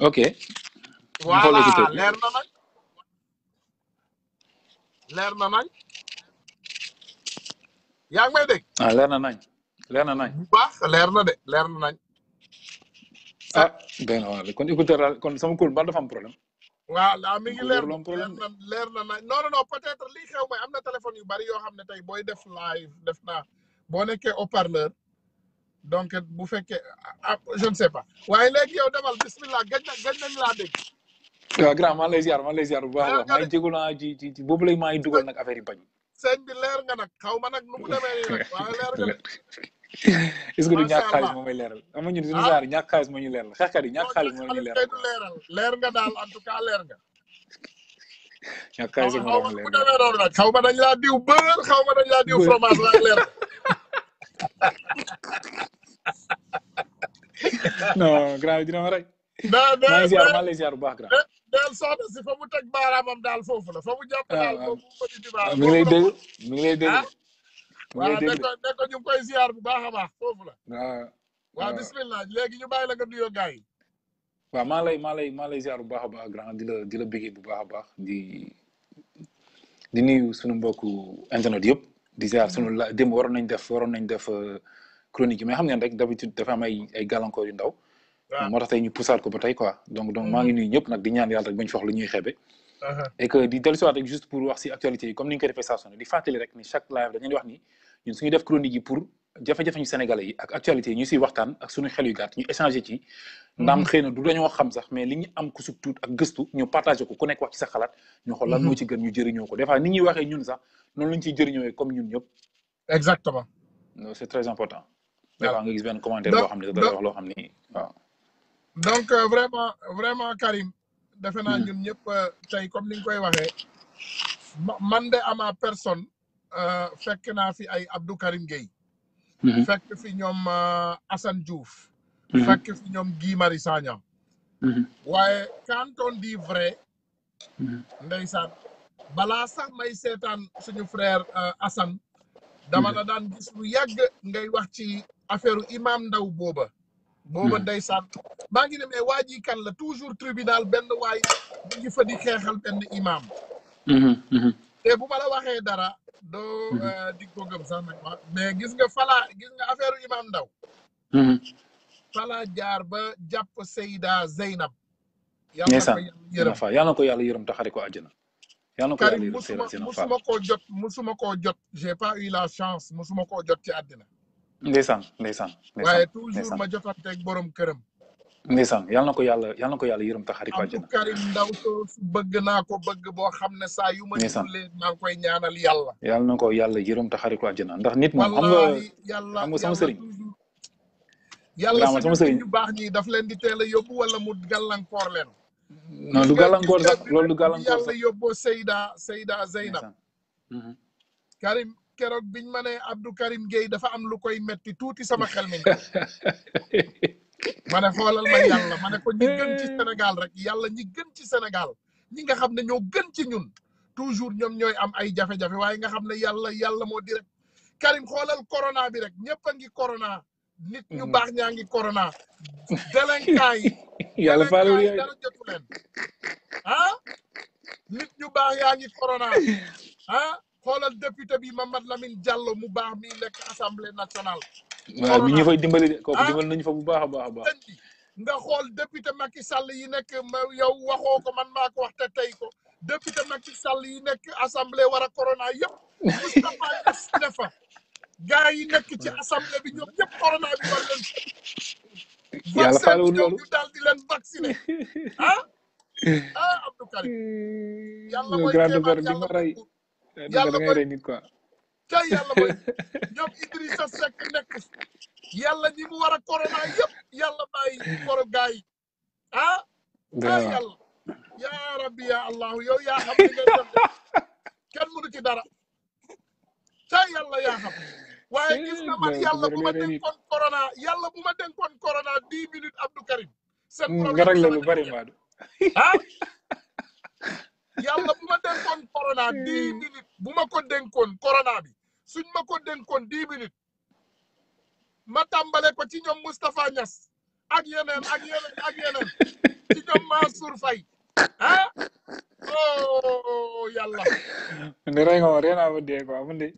ok. voilà leer na nag leer na nañ. yaa ngi may dégg. ah leer na nañ leer na nañ. bu leer na de leer na nañ. ah benn kon écouteur kon sama kóol ba dafa am problème. waaw la mi ngi leer na leer na nañ non non peut-être lii xew may am na téléphone yu bari yoo xam ne tey booy def live def naa boo nekkee au parleur. donc bu fekkee ah, ah, je ne sais waaye léegi yow demal bismillah gëj na gëj nañ laa dégg. waaw grand maa ngi lay ziar maa ngi lay bu baax a baax maa ngi jégalu naa ah, ci ci boobu léegi maa ngi dugal nag affaire yi bañ. sëñ leer nga nag xaw ma nag nu mu demee nii nag waaye leer nga nag. est-ce que du ñàkk xaalis moo may leeral am na ñun suñu saar ñàkk ñu yi ñàkk xaalis moo ñu leeral leer nga daal en leer nga. ñàkk dañ laa diw beurre xaw dañ laa diw fromage laa leer. non grave, dina ma rey. daa daa ziar maa ziar bu soxna si fa mu baram am dal fofu la fa mu jàpp daal foofu mu di baaraam. mi ngi lay dégg mi ngi lay dégg. wa ngi lay dégg ko ñu koy ziar bu baaxa baax fofu la. wa bismillah legi ñu bayila la nga nuyoo gars yi. waaw lay ma lay ma lay ziar bu baax baax grand di la di la bëggee bu baaxa baax di di nuyu suñu mbokk internet yëpp. déjà sunu la démb waroon nañ def waroon nañ def euh, chronique yi mais xam ngeen rek d'habitude dafa am ay ay gàllankoor yu ndaw. moo tax tey ñu poussal ko ba tey quoi donc donc maa ngi mm-hmm. nuyu ñëpp nag di ñaan yàlla rek bañ wax lu ñuy xebe. Uh-huh. et que di dellusiwaat rek juste pour wax si actualité yi comme ni ñu ko defee saa su ne di fàttali rek ni chaque live dañu wax ni ñun suñu def chronique yi pour jafe-jafe ñu sénégalais yi ak actualité ñu siy waxtaan ak suñu xel yu gàtt ñu échanger ci ndam mhm. xëy na du dañoo xam sax mais li ñu am ku sub tuut ak gëstu ñu partager ko ku nekk wax ci sa xalaat ñu xool lan mhm. moo ci gën ñu jëriñoo ko des fois ni ñuy waxee ñun sax noonu lañ ciy jëriñoo comme ñun ñëpp exactement non c'est très important des nga gis benn commentaire boo xam ne da wax loo xam ni waaw donc euh, vraiment vraiment Karim defe naa mhm. ñun ñëpp euh, tey comme ni nga koy waxee man de ama personne euh, fekk naa fi ay Abdou Karim Gueye Mm-hmm. fekk fi ñoom uh, assan Diouf. Mm-hmm. fekk fi ñoom Guy Marius Sagna. Mm-hmm. waaye kanton on dit vrai. ndeysaan balaa sax may seetaan suñu frère uh, assan dama la daan gis lu yàgg ngay wax ci affaire imam ndaw booba. booba ndeysaan maa ngi ne mais waa ji kan la toujours tribunal benn waay mu ngi xeexal benn imam. te bu ma waxee dara. doo mhm. eh, dig ko gëm sax nag mais gis nga falaa gis nga affaire imam ndaw mhm. falaa jaar ba jàpp Seyda Zeynab yàlla fa yàlla na ko yàlla yërëm taxari ko àjjana yàlla na ko yàlla yërëm Seyda Zeynab musuma koo jot musuma koo jot j'ai pas eu la chance musuma koo jot ci àddina ndeysaan ndeysaan ndeysaan waaye toujours ma jotanteeg borom këram ndeysaan yal na ko yàlla yal na ko yàlla yërëm taxari ko àjjana Karim Ndaw bëgg naa ko bëgg boo xam ne saa yu ma jullee naa koy ñaanal yàlla yal na ko yàlla yërëm taxari ko àjjana ndax nit moom xam nga xam nga sama sëriñ yàlla sama sëriñ ñu baax ñi daf leen di teel a yóbbu wala mu gàllankoor leen non du gàllankoor sax loolu du gàllankoor sax yàlla yóbboo Seyda Seyda Zeynab mhm. Karim keroog biñ ma ne Abdou Karim Gueye dafa am lu koy metti tuuti sama xel mi ma ne xoolal ma yàlla ma ko ñi gën ci Sénégal rek yàlla ñi gën ci senegal ñi nga xam ne ñoo gën ci ñun toujours ñoom ñooy am ay jafe-jafe waaye nga xam ne yàlla yàlla moo di rek Karim xoolal corona bi rek ñëpp a ngi corona. nit ñu hmm. baax ñaa ngi corona. délinquant yi. dara jotu leen ah? nit ñu baax yaa ngi corona ah xoolal député bi Mamadou Lamine Diallo mu baax mi nekk assemblée nationale. waaw ñu fay dimbali de kooku ah. dimbali nañu fa bu baax a baax a baax. nga xool député Macky Sall yi nekk yow waxoo man maa ko wax te tey ko député Macky Sall yi nekk assemblée war a corona yëpp. Moustapha Niass ne fa yi nekk bi ñoom ñëpp corona bi war leen. yàlla faale wu loolu daal di leen tey yàlla mooy ñoom Idrissa Seck nekk yàlla ñi mu corona ya Allah bàyyi koro gaay ah. ah ya rabbi ya Allah yow ya. xam li ngay def kenn ya. ci dara tey yàlla yaa xam. gis na man bu ma corona Ya bu ma dénkoon corona 10 minutes Abdou Karim. seen hmm, problème nga réglé lu bari ah yàlla bu ma dénkoon corona 10 minutes bu ma ko dénkoon corona bi. suñ ma ko dénkoon dix minutes ma tàmbale ko ci ñoom Moustapha Niass ak yeneen ak yeneen ak yeneen ci ñoom Mansour Faye ah oh yàlla. ne rey ne.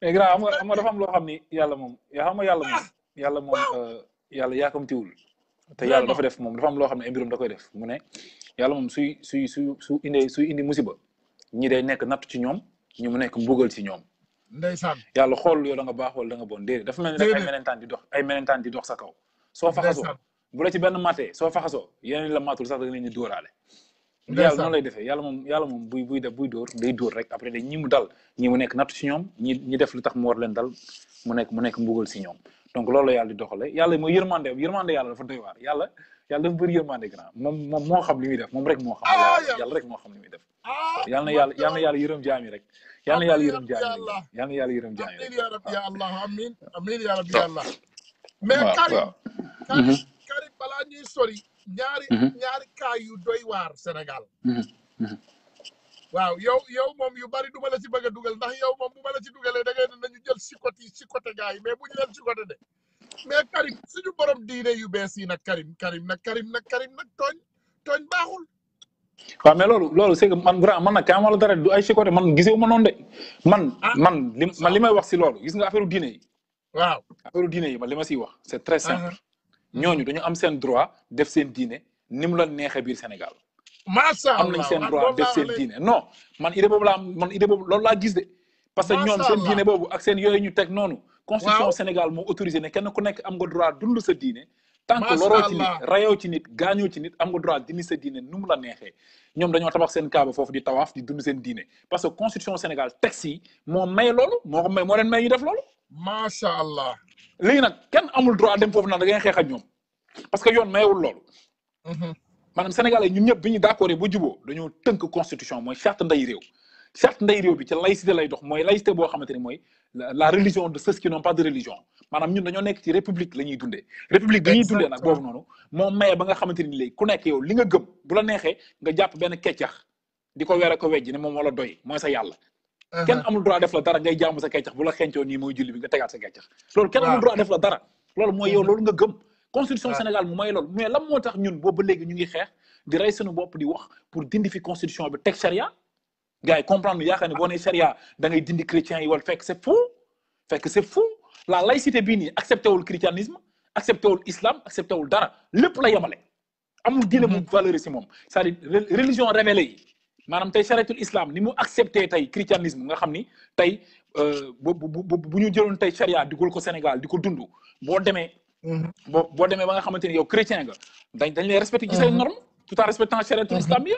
mais grand am nga am nga dafa am loo xam ni yàlla moom yaa xam nga yàlla moom. Ah! yàlla moom euh, yàlla yaakamtiwul. te yàlla dafa def moom dafa am loo xam ne ay mbirum da koy def mu ne. yàlla moom suy suy suy su indee suy indi musiba ñi de nekk natt ci ñoom ñi mu nekk bugal ci ñoom. ndeysaan yàlla xool yow da nga baax wala da nga bon déedéet dafa mel ni rek ay menentaan di dox ay menentaan di dox sa kaw soo faxasoo bu la ci benn matee soo faxasoo yeneen la sax da nga leen di noonu lay defee yàlla moom yàlla moom buy buy def buy dóor day dóor rek après da mu nekk nattu si ñoom ñi def lu tax mu war leen dal mu nekk mu nekk mbugal si ñoom donc loolu la yàlla di doxale yàlla mooy yërmande yërmande yàlla dafa doy waar yàlla yàlla dafa bëri yërmande grand moom moom moo xam li muy def moom rek moo xam yàlla rek moo xam li muy def ah, yàlla na yàlla yàlla na yàlla yërëm rek yal na yàlla yërëm jaañu yal na yàlla yërëm jaañu amiin yaa rabbi ya allah amiin amiin yaa rabbi ya allah mais Karim mm-hmm. Karim balaa ñuy sori ñaari mm-hmm. ñaari kaay yu doy waar senegal mm-hmm. waaw yow yow moom yu bari du ma la ci dugal ndax yow moom bu ma la ci dugalee da ñu nañu jël si côté si côté gars yi mais bu ñu leen si côté de mais Karim suñu borom diine yu bees yi nag Karim Karim nag Karim nag Karim nag tooñ tooñ baaxul waaw mais loolu loolu c'est que man grand man nag kaam wala dara du ay ci côté man gisewu ma non de man ah. man li man li wax ci loolu gis nga affaire diine yi waaw affaire diine yi man limay ma wax c'est très ah. simple ñoñu dañu am sen droit def seen diine ni mu la neexee biir Sénégal am nañ sen droit def sen diine non man idée bobu laa man idée bobu loolu la gis de parce que ñoom sen diine bobu ak sen yoy ñu tek nonu constitution Sénégal mo autorisé ne kenn ku nekk am nga droit dund sa diine tant que loro ci nit rayoo ci nit gaañoo ci nit am nga droit dindi sa diine nu la nexé ñom dañu tabax seen kaaba fofu di tawaf di dund sen diine parce que constitution Sénégal taxi, mo may lolu mo ko may moo leen may ñu def loolu macha allah li nak ken amul droit dem fofu nan da ngay xeex ak ñoom parce que yoon mayewul loolu mm-hmm. maanaam sénégalais ñun ñëpp biñu d'accordé bu ba dañu dañoo tënk constitution moy charte nday réew charte nday réew bi ci laïcité lay dox moy laïcité bo xamante moy la religion de ceux qui n'ont pas de religion manam ñun dañu nek ci république lañuy d'undé république dañuy d'undé nak boobu nonu mo maye ba nga xamante ni ku nek yow li nga gëm bu la nga japp benn keccax di ko weer ko wejji ne moom wala doy moy sa yalla uh-huh. ken amul droit def la dara ngay jamm sa keccax bu la xencoo nii mooy julli bi nga tegaat sa keccax loolu ken amul droit def la dara loolu moy yow uh-huh. loolu nga gëm constitution Sénégal mu may loolu mais lam motax ñun boobu ba léegi ñu ngi xeex di ray suñu bop di wax pour dindi fi constitution bi tek sharia gars yi comprendre yaaka ni boné sharia da ngay dindi chrétien yi wala fekk c'est faux fekk c'est faux la laïcité bini nii accepté christianisme accepté wul islam accepté le dara lépp la yemale. amul diine mu mhm. valeur c'est-à-dire religion révélée manam tay tey chariatul islam ni mu accepté tay christianisme nga xamni tay euh buñu bu tay ñu charia digul ko Sénégal diko ko Bo démé bo bo boo mhm. ba nga xamante yow chrétien nga dañ dañ lay respecté ci say mhm. norme tout en respectant chariatul islam bi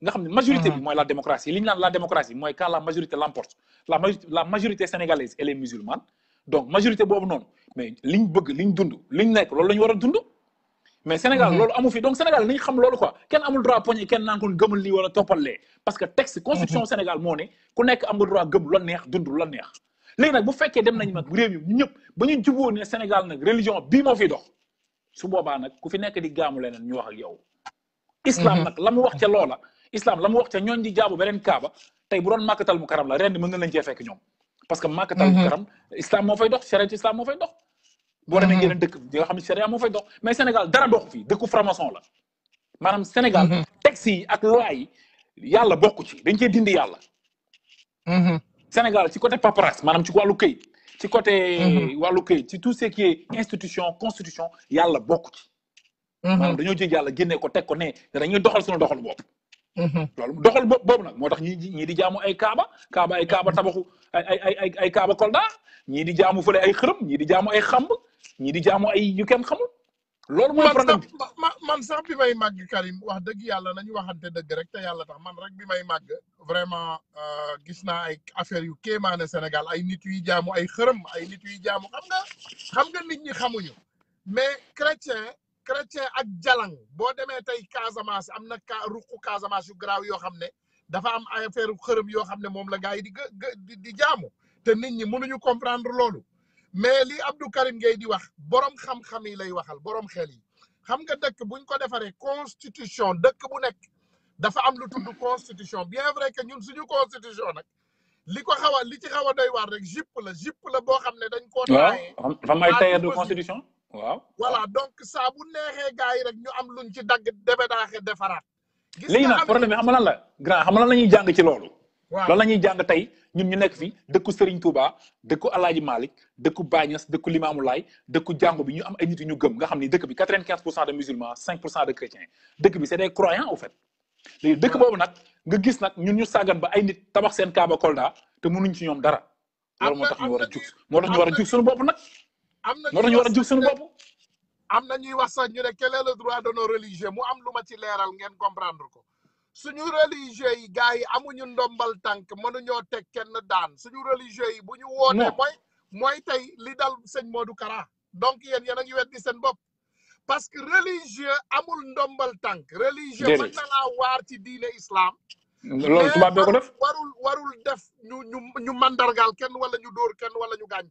nga xamni majorité bi moy la démocratie liñ ñu la démocratie moy quand la majorité l'emporte la la majorité sénégalaise elle est musulmane donc majorité bobu non. mais liñ bëgg liñ dund liñ nekk loolu lañu ñu war a dund mais Sénégal mhm. loolu amu fi donc Sénégal nañ xam loolu quoi kenn amul droit poñi kenn naan kon gëmal lii wala toppalee parce que texte constitution mhm. Sénégal moo ne ku nekk am droit gëm la neex dund la neex léegi nag bu fekkee dem nañ nag réew yi ñëpp ba ñu juboo ne Sénégal nag religion bii moo fi dox su boobaa nag ku fi nekk di gaamu leneen ñu wax ak yow islam mhm. nag la mu wax ca loola islam la mu wax ca ñooñ di jaabu beneen kaaba tey bu doon màkkatal mu karam la rend mën nañ lañ cee fekk ñoom parce que màkkatal mhm. karam islam mo fay dox chariat islam mo fay dox boo demee yeneen mhm. dëkk yi nga xam ne charia fay dox mais Sénégal dara dox fi dëkku franc-maçon la manam Sénégal mhm. taxi ak loi yalla bokku ci dañ cee dindi yàlla Sénégal ci côté paperasse manam ci walu keuy ci côté walu keuy ci tout ce qui est institution constitution yalla bokku ci maanaam dañoo jël yalla génnee ko tek ko ne dañu doxal suñu doxal bopp Mm-hmm. loolu doxal boobu nag moo tax ñi ñii di jaamu ay Kaaba Kaaba ay Kaaba tabaxu ay ay ay ay Kaaba Kolda ñii di jaamu fële ay xërëm ñii di jaamu ay xamb ñii di jaamu ay yu kenn xamul. loolu mooy problème ma man man sax bi may màgg Karim wax dëgg yàlla nañu waxante dëgg rek te yàlla tax man rek bi may màgg vraiment euh, gis naa ay affaire yu kéemaane Sénégal ay nit yuy jaamu ay xërëm ay nit yuy jaamu am nga xam nga nit ñi xamuñu mais chrétien. chrétien ak jalang boo demee tey Casamance am na ka ruqu Casamance yu garaaw yoo xam ne dafa am affaire xërëm yoo xam ne moom la gars yi di di di jaamu te nit ñi ñu comprendre loolu mais li Abdou Karim Gueye di wax borom xam-xam yi lay waxal borom xel yi xam nga dëkk buñ ko defaree constitution dëkk bu nekk dafa am lu tudd constitution bien vrai que ñun suñu constitution nag li ko xaw li ci xaw a doy waar rek jipp la jipp la boo xam ne dañ koo. waaw xam may tey du constitution. waaw voilà donc saa bu neexee gars yi rek ñu am luñ ci dagg debedaaxe defaraat. gis léegi nag problème bi xam lan la grand xam lan la ñuy jàng ci loolu. waaw lan la jàng tey ñun ñu nekk fi dëkku Serigne Touba dëkku El Hadj Malick dëkku Bagnas dëkku Limamou Laye dëkku jàngu bi ñu am ay nit ñu gëm nga xam ni dëkk bi 95 pour cent de musulmans 5 pour cent de chrétiens dëkk bi c'est des croyants au fait. léegi dëkk boobu nag nga gis nag ñun ñu sàggan ba ay nit tabax seen Kaaba Kolda te mënuñ ci ñoom dara. loolu moo tax war a jug moo tax war a jug suñu bopp nag amna na moo tax ñu war a jub suñu bopp ñuy wax sax ñu ne quel est le droit de nos religieux mu am lu ci ngeen comprendre ko suñu religieux yi gars yi amuñu ndombal tànk mënuñoo tek kenn daan suñu religieux yi bu ñu wootee mooy mooy tey li dal sëñ Modou Kara donc yéen yéen a ngi weddi seen bopp parce que religieux amul ndombal tank religieux mën na ci diine islam ko def warul warul def ñu ñu ñu mandargaal kenn wala ñu dóor kenn wala ñu kenn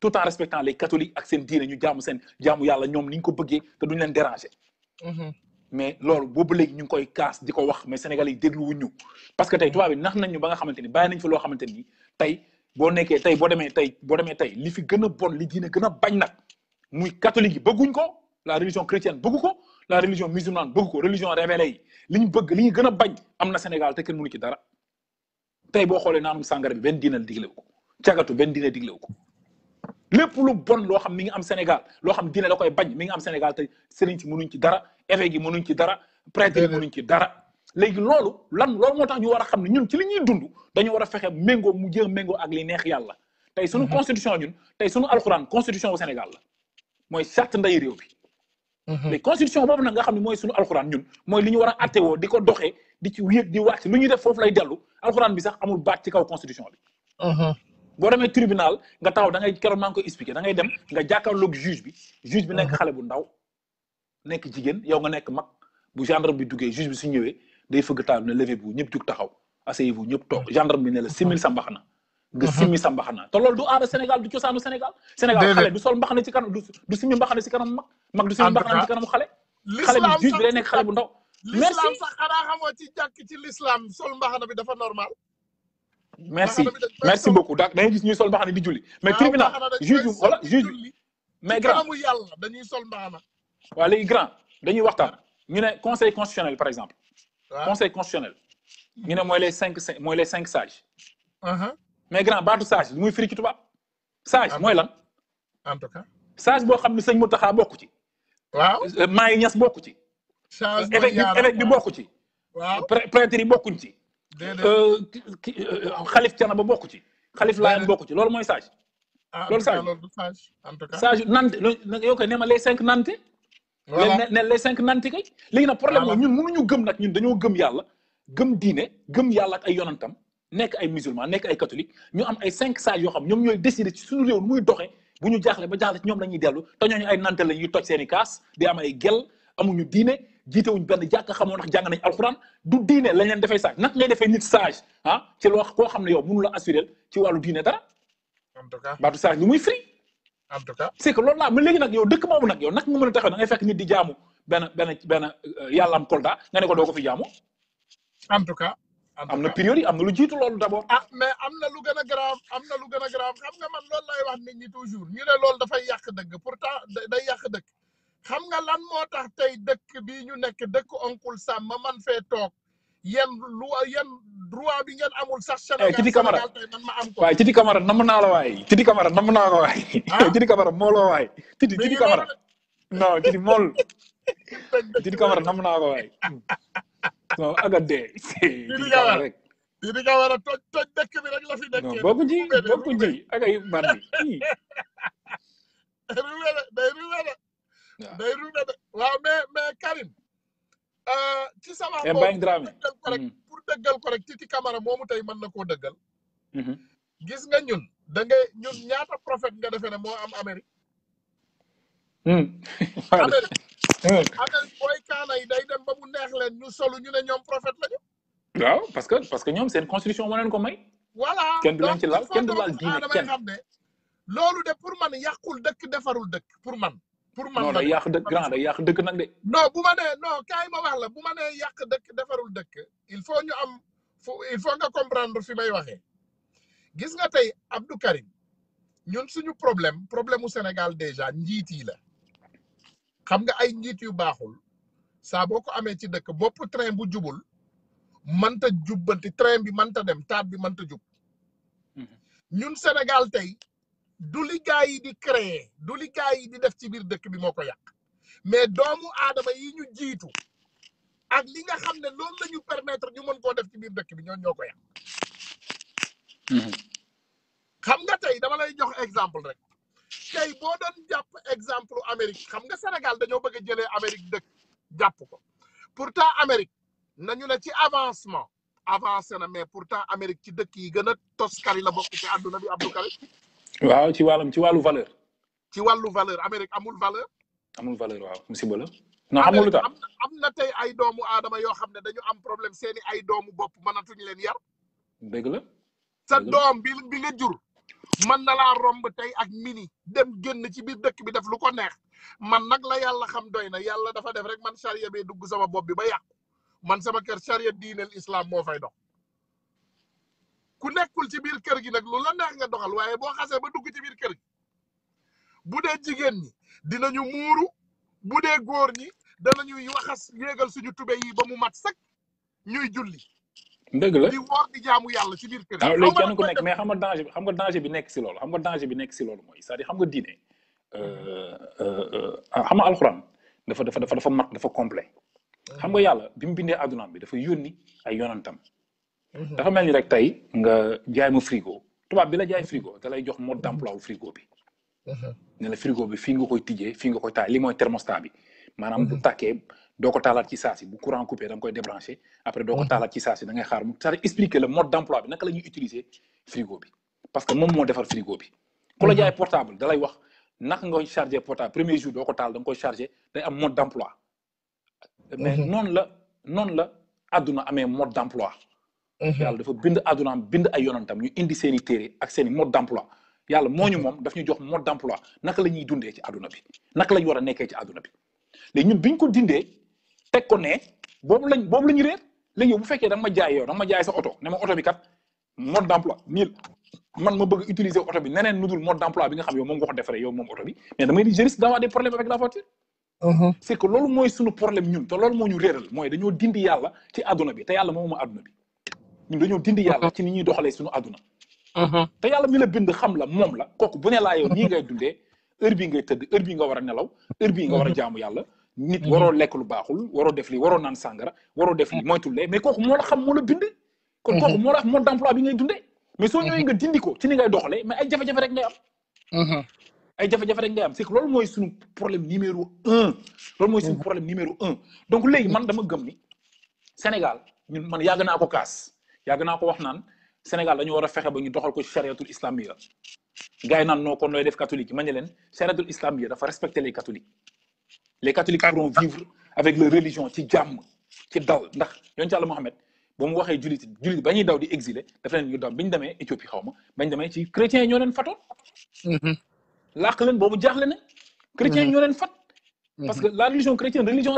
tout en respectant les catholiques ak seen diine ñu jaamu sen jaamu yalla ñom ni ñu ko bëggé te duñ leen déranger. Mhm. mais loolu boobu légui ñu koy kaas di ko wax mais Sénégalais yi dégluwuñ ñu. parce que tey tubaab bi nax nañ ñu ba nga xamanteni ni bàyyi nañ fa loo xamante ni tey boo nekkee tey boo demee tey boo demee li fi gëna a bon li diine gëna bañ nak muy catholique yi bëgguñ ko la religion chrétienne bëggu ko la religion musulmane bëggu ko religion révélée yi liñ bëgg liñ gëna bañ amna Sénégal te kenn mënu ci dara tay bo xolé nanum sàngara bi benn diine diglewu ko cagatu benn diine diglewu ko lépp lu bon loo xam mi ngi am Sénégal loo xam dina la koy bañ mi ngi am Sénégal te sëriñ si mënuñ ci dara évêque yi mënuñ ci dara prêtre yi mënuñ ci dara léegi loolu lan loolu moo tax ñu war a xam ne ñun ci li ñuy dund dañu war a fexe méngoo mu jéem méngoo ak li neex yàlla tey suñu mhm. constitution ñun tey suñu alxuraan constitution bu Sénégal la mooy charte nday réew bi mais mhm. constitution boobu nag nga xam ne mooy suñu alxuraan ñun mooy li ñu war a attewoo di ko doxee di ci wéeg di wàcc lu ñuy def foofu lay dellu alxuraan bi sax amul baat ci kaw constitution bi mhm. boo demee tribunal nga taxaw da ngay keroog maa ngi koy dem nga jàkkaarloog juge bi juge bi nekk uh-huh. xale bu ndaw nekk jigéen yow nga nekk mag bu gendarme bi duggee juge bi su ñëwee day fëgg taal ne levé bu ñëpp jug taxaw asseyez-vous ñëpp toog uh-huh. gendarme bi ne la simil uh-huh. sa mbaxana nga simmi sa mbaxana te lool du aada Sénégal du cosaanu Sénégal Sénégal xale du sol mbaxana ci kanam du simi mbaxana ci kanam mag mag du simi mbaxana ci kanam xale xale bi juge bi day nekk xale bu ndaw merci l'islam sax xanaa xamoo ci jàkk ci l'islam sol mbaxana bi dafa normal merci merci beaucoup donc dañuy gis ñuy sol mbaxana di julli mais tribunal juge voilà juge mais grand mu yalla dañuy sol mbaxana wa léegi grand dañuy waxtaan ñu né conseil constitutionnel par exemple conseil constitutionnel ñu né moy les 5 moy les 5 sages uh-huh. mais grand baatu sage muy firi ci tubaab sage mooy lan en tout cas sage bo xamni ne sëñ bokku ci waaw euh, maa yi ñas bokk ci euh, évêque bi bokku ci prêtre yi bokkuñ ci xalif euh, euh, cana ba bokk ci. xalif laayam bokk ci loolu mooy sage. Ah, loolu sage en tout cas sage nante yow kay ne ma les cinq nante. voilà ne les cinq nante kay. léegi nag problème mooy ñun mënuñu gëm nag ñun dañoo gëm yàlla gëm diine gëm yàlla ak ay yonantam nekk ay musulman nekk ay catholique ñu am ay cinq sages yoo xam ñoom ñooy décider ci suñu réew muy doxee bu ñu jaaxle ba jaaxle ci ñoom la ñuy dellu te ñooñu ay nante la ñuy toj seen i kaas di am ay gel amuñu diine jiite wuñ benn jàkka xamoo ndax jàng nañ alxuraan du diine lañ leen defee sage nag ngay nit sage ah, ci loo koo xam ne yow mënu la assuré ci wàllu diine dara. en tout cas baatu lu muy firi. en tout cas c'est que léegi nag yow dëkk moomu nag yow nag nga mën a taxaw da ngay fekk nit di jaamu benn benn benn euh, yàlla am kolda nga ne ko doo ko fi jaamu. am na période yi am na lu jiitu loolu d'abord. ah mais am na lu gën a am na lu gën a grave xam nga man loolu lay wax nit ñi toujours ñu ne loolu dafay yàq dëgg pourtant day yàq dëgg xam nga lan motax tay dekk bi bii ñu nekk onkul oncle ma man fe tok yéen lu yéen droit bi ngeen amul sax eh, Sénégal Titi Camara man ma am ko waay Camara nam na la ci ah. di Camara na la way ci di Camara way la di ci di Camara non mol ci di Camara nam na la way non aga ci di Camara ci di Camara toj toj dekk bi rek la fi nekkee bokku ji bokku ji agay bandi ruwele day ruwele day ruube de waaw mais mais Karim. Euh, ci sama mbokku dëggal ko rek mm-hmm. pour dëggal ko rek Titi Camara moomu tey mën na koo dëggal. Mm-hmm. gis nga ñun da ngay ñun ñaata profet nga defee na moo am Amérique. Mm. Amérique. Mm. Amérique booy kaana yi day dem ba mu neex leen ñu solu ñu ne ñoom prophète lañu. waaw parce que parce que ñoom seen constitution moo leen ko may. voilà kenn du leen ci laal kenn du laal diine kenn. loolu de pour man yàqul dëkk defarul dëkk pour man. pour man la yàq dëkk grand dëkk nag de. non bu ma nee non kaay ma wax bu ma nee yàq dëkk defarul dëkk il faut ñu am fu il faut nga comprendre fi may waxee gis nga tey Abdou Karim ñun suñu problème problème mu Sénégal déjà njiit yi la xam nga ay njiit yu baaxul saa boo ko amee ci dëkk bopp train bu jubul mënta jubbanti train bi mënta dem taat bi mënta jub mhm. ñun Sénégal tey du li yi di créer du li yi di def ci biir dëkk bi moo ko yàq mais doomu aadama yi ñu jiitu ak li nga xam ne loolu la ñu permettre ñu mën koo def ci biir dëkk bi ñoom ñoo ko yàq. Mm-hmm. xam nga tey dama lay jox exemple rek tey boo doon jàpp exemple Amérique xam nga Sénégal dañoo bëgg a jëlee Amérique dëkk jàpp ko pourtant Amérique nañu ne ci avancement avancé na mais pourtant Amérique ci dëkk yi gën a toskari la bokk ci àdduna bi Abdou Karim waaw ci wàllum ci wàllu valeur. ci wàllu valeur Amérique amul valeur. amul valeur waaw musiba la. non amul lu tax am na tey ay doomu aadama yoo xam ne dañu am problème seeni ay doomu bopp mënatuñ leen yar. dëgg la. sa doom bi bi nga jur. man na laa romb tey ak mini dem génn ci biir dëkk bi def lu ko neex man nag la yàlla xam doy na yàlla dafa def rek man charia bee dugg sama bopp bi ba yàqu man sama kër charia diineel islam moo fay dox. ku nekkul ci biir kër gi nag lu la neex nga doxal waaye boo xasee ba dugg ci biir kër gi bu dee jigéen ñi dinañu muuru bu dee góor ñi danañuy waxas yéegal suñu tube yi ba mu mat sëkk ñuy julli. dëgg la di woor di jaamu yàlla ci biir kër gi. Ah, léegi ku nekk mais xam nga danger bi xam nga danger bi nekk si loolu xam nga danger bi nekk si loolu mooy c'est-à-dire xam nga diine euh, euh, xam nga alxuraan dafa dafa dafa dafa mat dafa complet mm-hmm. xam nga yàlla bi mu bindee addunaam bi dafa yónni ay yonantam Mhm. dafa mel ni rek tey nga jaay ma frigo tubaab bi la jaay frigo da lay jox mode d'emploi au frigo bi. Mhm. ne la frigo bi fii nga koy tijjee fii nga koy taal li mooy thermostat bi maanaam bu mhm. tàkkee doo ko taalaat ci saa bu courant coupé da nga koy débranché après doo ko taalaat ci saa si da ngay xaar mu expliquer le mode d'emploi bi naka la ñuy utiliser frigo bi parce que moom moo defar frigo bi ku la jaay portable da lay wax naka nga charger portable premier jour doo ko taal da nga koy charger day am mode d'emploi mais noonu la noonu la àdduna amee mode d'emploi Mmh. yàlla dafa bind aduna bind ay yonentam ñu indi seen i ak seen mode d'emploi yalla moñu mom mmh. daf ñu jox mode d'emploi naka lañuy dundé ci aduna bi naka lañ wara nekké ci aduna bi léegi ñun biñ ko dindé teg ko ne boobu lañ boobu lañ réer léegi yow bu féké da nga ma jaay yow da nga ma jaay sa auto néma auto bi kat mode d'emploi nil man ma bëgg utiliser auto bi neneen nudul mode d'emploi bi nga xam yow moom nga ko defaree yow mom auto bi mais damay di je risque d'avoir des problèmes avec la voiture mmh. c'est que loolu mooy suñu problème ñun te loolu moo ñu réeral mooy dañoo dindi yàlla ci àdduna bi te yàlla moom ma àdduna bi ñun dañoo dindi yàlla uh-huh. ci ni ñuy doxalee suñu àdduna uh-huh. te yàlla mi la bind xam la moom la kooku bu ne laa yow ngay dundee heure bii ngay tëdd heure bii nga war a nelaw heure bii nga war a uh-huh. jaamu yàlla nit waroo lekk lu baaxul waroo def lii waroo naan sàngara waroo def lii moytul lee kooku moo la xam moo la bind kon kooku moo la bi ngay dundee mais nga dindi ko ci ni ngay doxalee mais ay jafe-jafe rek ngay am ay jafe-jafe rek am c'est loolu mooy suñu problème numéro un problème numéro un donc léegi man dama gëm ni Sénégal ñun man yàgg ko kaas yàgg naa ko wax naan Sénégal dañu war a fexe ba ñu doxal ko ci chariatul islamiyya gars yi naan noo kon def catholique yi ma ne leen chariatul islamiyya dafa respecter les catholiques les catholiques pourront vivre avec leur religion ci jàmm ci dal ndax yoon ci Yàlla Mohamed ba mu waxee julit julit ba ñuy daw di exilé daf leen ñu daw bi ñu demee Éthiopie xaw ma ba ñu demee ci chrétiens yi ñoo leen fatoon mm-hmm. leen boobu jaaxle na chrétiens yi mm-hmm. ñoo leen fat mm-hmm. parce que la religion chrétienne religion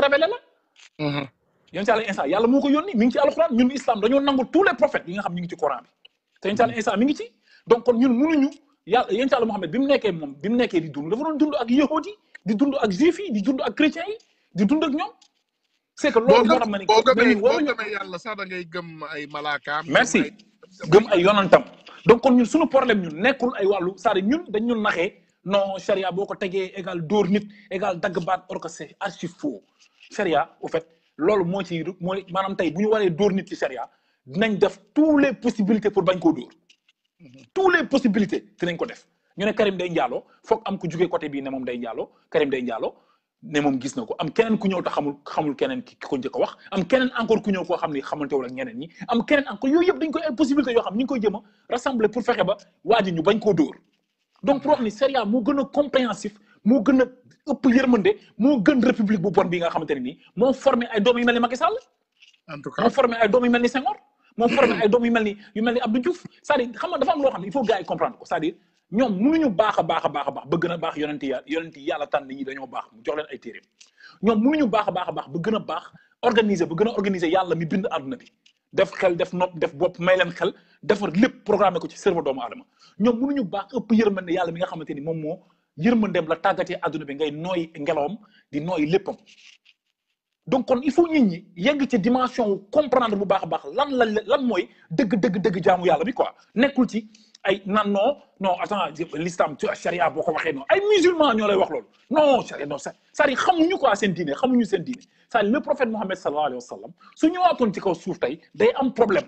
yonent yàlla Iisaa yàlla moo ko yónni mi ngi ci alxuraan ñun islam dañoo nangu tous les prophètes yi nga xam ñu ngi ci bi te yonent yàlla Iisaa mi ngi donc kon ñun mënuñu yàlla yonent yàlla Muhammad bi mu nekkee moom bi mu nekkee di dund dund ak di dund ak di dund ak chrétiens yi di dund ak ñoom c'est que loolu moo tax ma ne boo gëmee yàlla sax da ngay gëm ay malaakaam merci gëm ay yonantam donc kon ñun sunu problème ñun nekkul ay wàllu c'est-à-dire ñun dañ ñun naxee non charia boo ko tegee égal dóor nit égal dagg baat or que c'est archi faux charia au fait Lol moo ci mooy maanaam tey bu ñu nit ci dinañ def tous les possibilités pour bañ ko door tous les possibilités dinañ ko def ñu Karim day njaaloo am ku juggé côté bi Karim day njaaloo né mom gis nako am kenen ku ñew ta xamul xamul ki ko wax am kenen encore ku ñew ko xamni ne wala ñeneen ñi am kenen encore yoyep dañ ko les possibilités xam ngi koy rassembler pour fexé ba waa ñu donc pour Am ni charia mo compréhensif moo gën a ëpp yërmande moo gën république bu bon bi nga xamante ne nii moo formé ay doom yu mel ni Macky Sall. en tout ay doom yu mel ni Senghor. moo formé ay doom yu mel ni yu mel ni Abdou Diouf cest dire xam dafa am loo xam ne il faut gars yi comprendre ko cest dire ñoom a baax a a baax ba a baax yonent yi yonent yi yàlla tànn ñi dañoo baax mu jox leen baax a baax a baax ba gën a baax organiser ba gën a organiser yàlla mi bind àdduna bi def xel def nopp def bopp may leen xel defar lépp programmé ko ci cerveau doomu aadama ñoom mënuñu baax ëpp yàlla mi nga xamante ni moom moo yërmandeem la tàggatee àdduna bi ngay nooy ngelawam di nooy léppam donc kon il faut nit ñi yegg ci dimension wu comprendre bu baax a baax lan la lan mooy dëgg dëgg dëgg jaamu yàlla bi quoi nekkul ci ay nan non non attends l'islam tu charia boo ko waxee noonu ay musulman ñoo lay wax loolu non charia non cest xamuñu ko seen diine xamuñu seen diine c'est-à-dire le prophète Mohammed sallallahu alayhi wa su su ñëwaatoon ci kaw suuf tey day am problème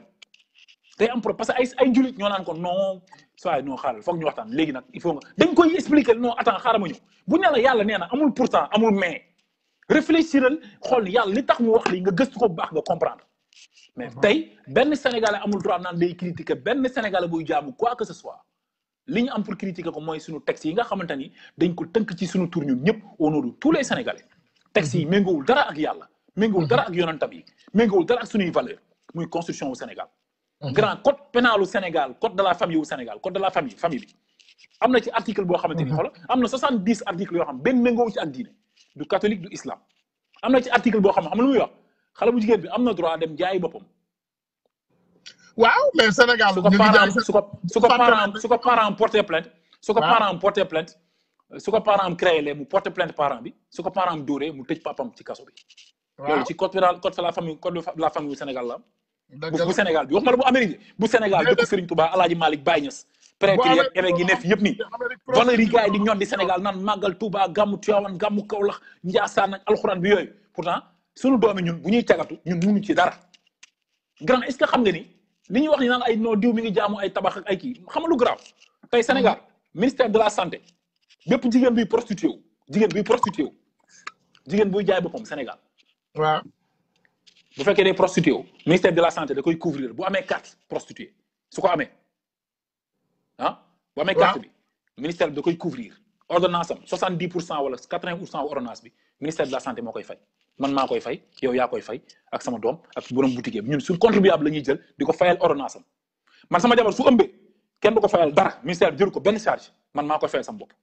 day am problème parce que ay jullit ñoo naan ko non saa yi ñoo xaaral foog ñu waxtaan léegi nag il faut nga dañ koy expliquer non attends xaaral ma ñëw bu ne la yàlla nee na amul pourtant amul mais réfléchiral xool ni yàlla li tax mu wax lii nga gëstu ko bu baax nga comprendre mais uh-huh. tey benn sénégalais amul droit naan day critiquer benn sénégalais buy jaamu quoi que ce soit li ñu am pour critiquer ko mooy suñu texte yi nga xamante ni dañ ko tënk ci suñu tur ñu ñëpp o nom de les sénégalais texte yi uh-huh. méngowul dara ak yàlla méngowul uh-huh. dara ak yonentam yi méngowul dara ak suñuy muy constitution au Mhm. grand code pénal u Sénégal code de la famille wu Sénégal code de la famille famille bi am na ci article boo xamante ni mhm. xoolal am na soixante dix articles yoo xam benn méngoowu ci ak diine du catholique du islam am na ci article boo xam xam lu muy wax xale bu jigéen bi am na droit dem jaay boppam. waaw mais Sénégal. su ko parent su ko su ko parent su ko parent porté plainte. su ko parent porté plainte. su ko parent am créé lee mu porté plainte parent bi su ko parent am dóoree mu tëj papam ci kaso bi. waaw loolu ci code pénal code de la famille code bu Sénégal bi wax ma bu Amérique bu Sénégal dëkk Serigne Touba Alaaji malik Baye prêtre yeeg évêque yi nekk yëpp nii valeur di ñon di Sénégal nan magal Touba gamu tiawan gamu Kaolack Njaasaan ak alxuraan bi yoy pourtant suñu doomi ñun bu ñuy tagatu ñun mënuñu ci dara grand est-ce que xam nga ni li ñuy wax ni nan ay no diw mi ngi jaamu ay tabax ak ay ki xam lu grave tay Sénégal mm-hmm. ministère de la santé bépp jigen bi prostituée jigen bi prostituée jigen bu jaay boppam Sénégal waaw bu fekkee day prostitué wu ministère de la santé da koy couvrir bu amee carte prostituée su ko amee ah. bu amee carte bi ministère bi da koy couvrir ordonnance am 70 pour cent wala 80 pour cent ordonnance bi ministère de la santé moo koy fay man maa koy fay yow yaa koy fay ak sama doom ak borom boutique ñun suñ contribuable la ñuy jël di ko fayal ordonnance am man sama jabar su ëmbee kenn du ko fayal dara ministère bi jël ko benn charge man maa koy fayal sama bopp.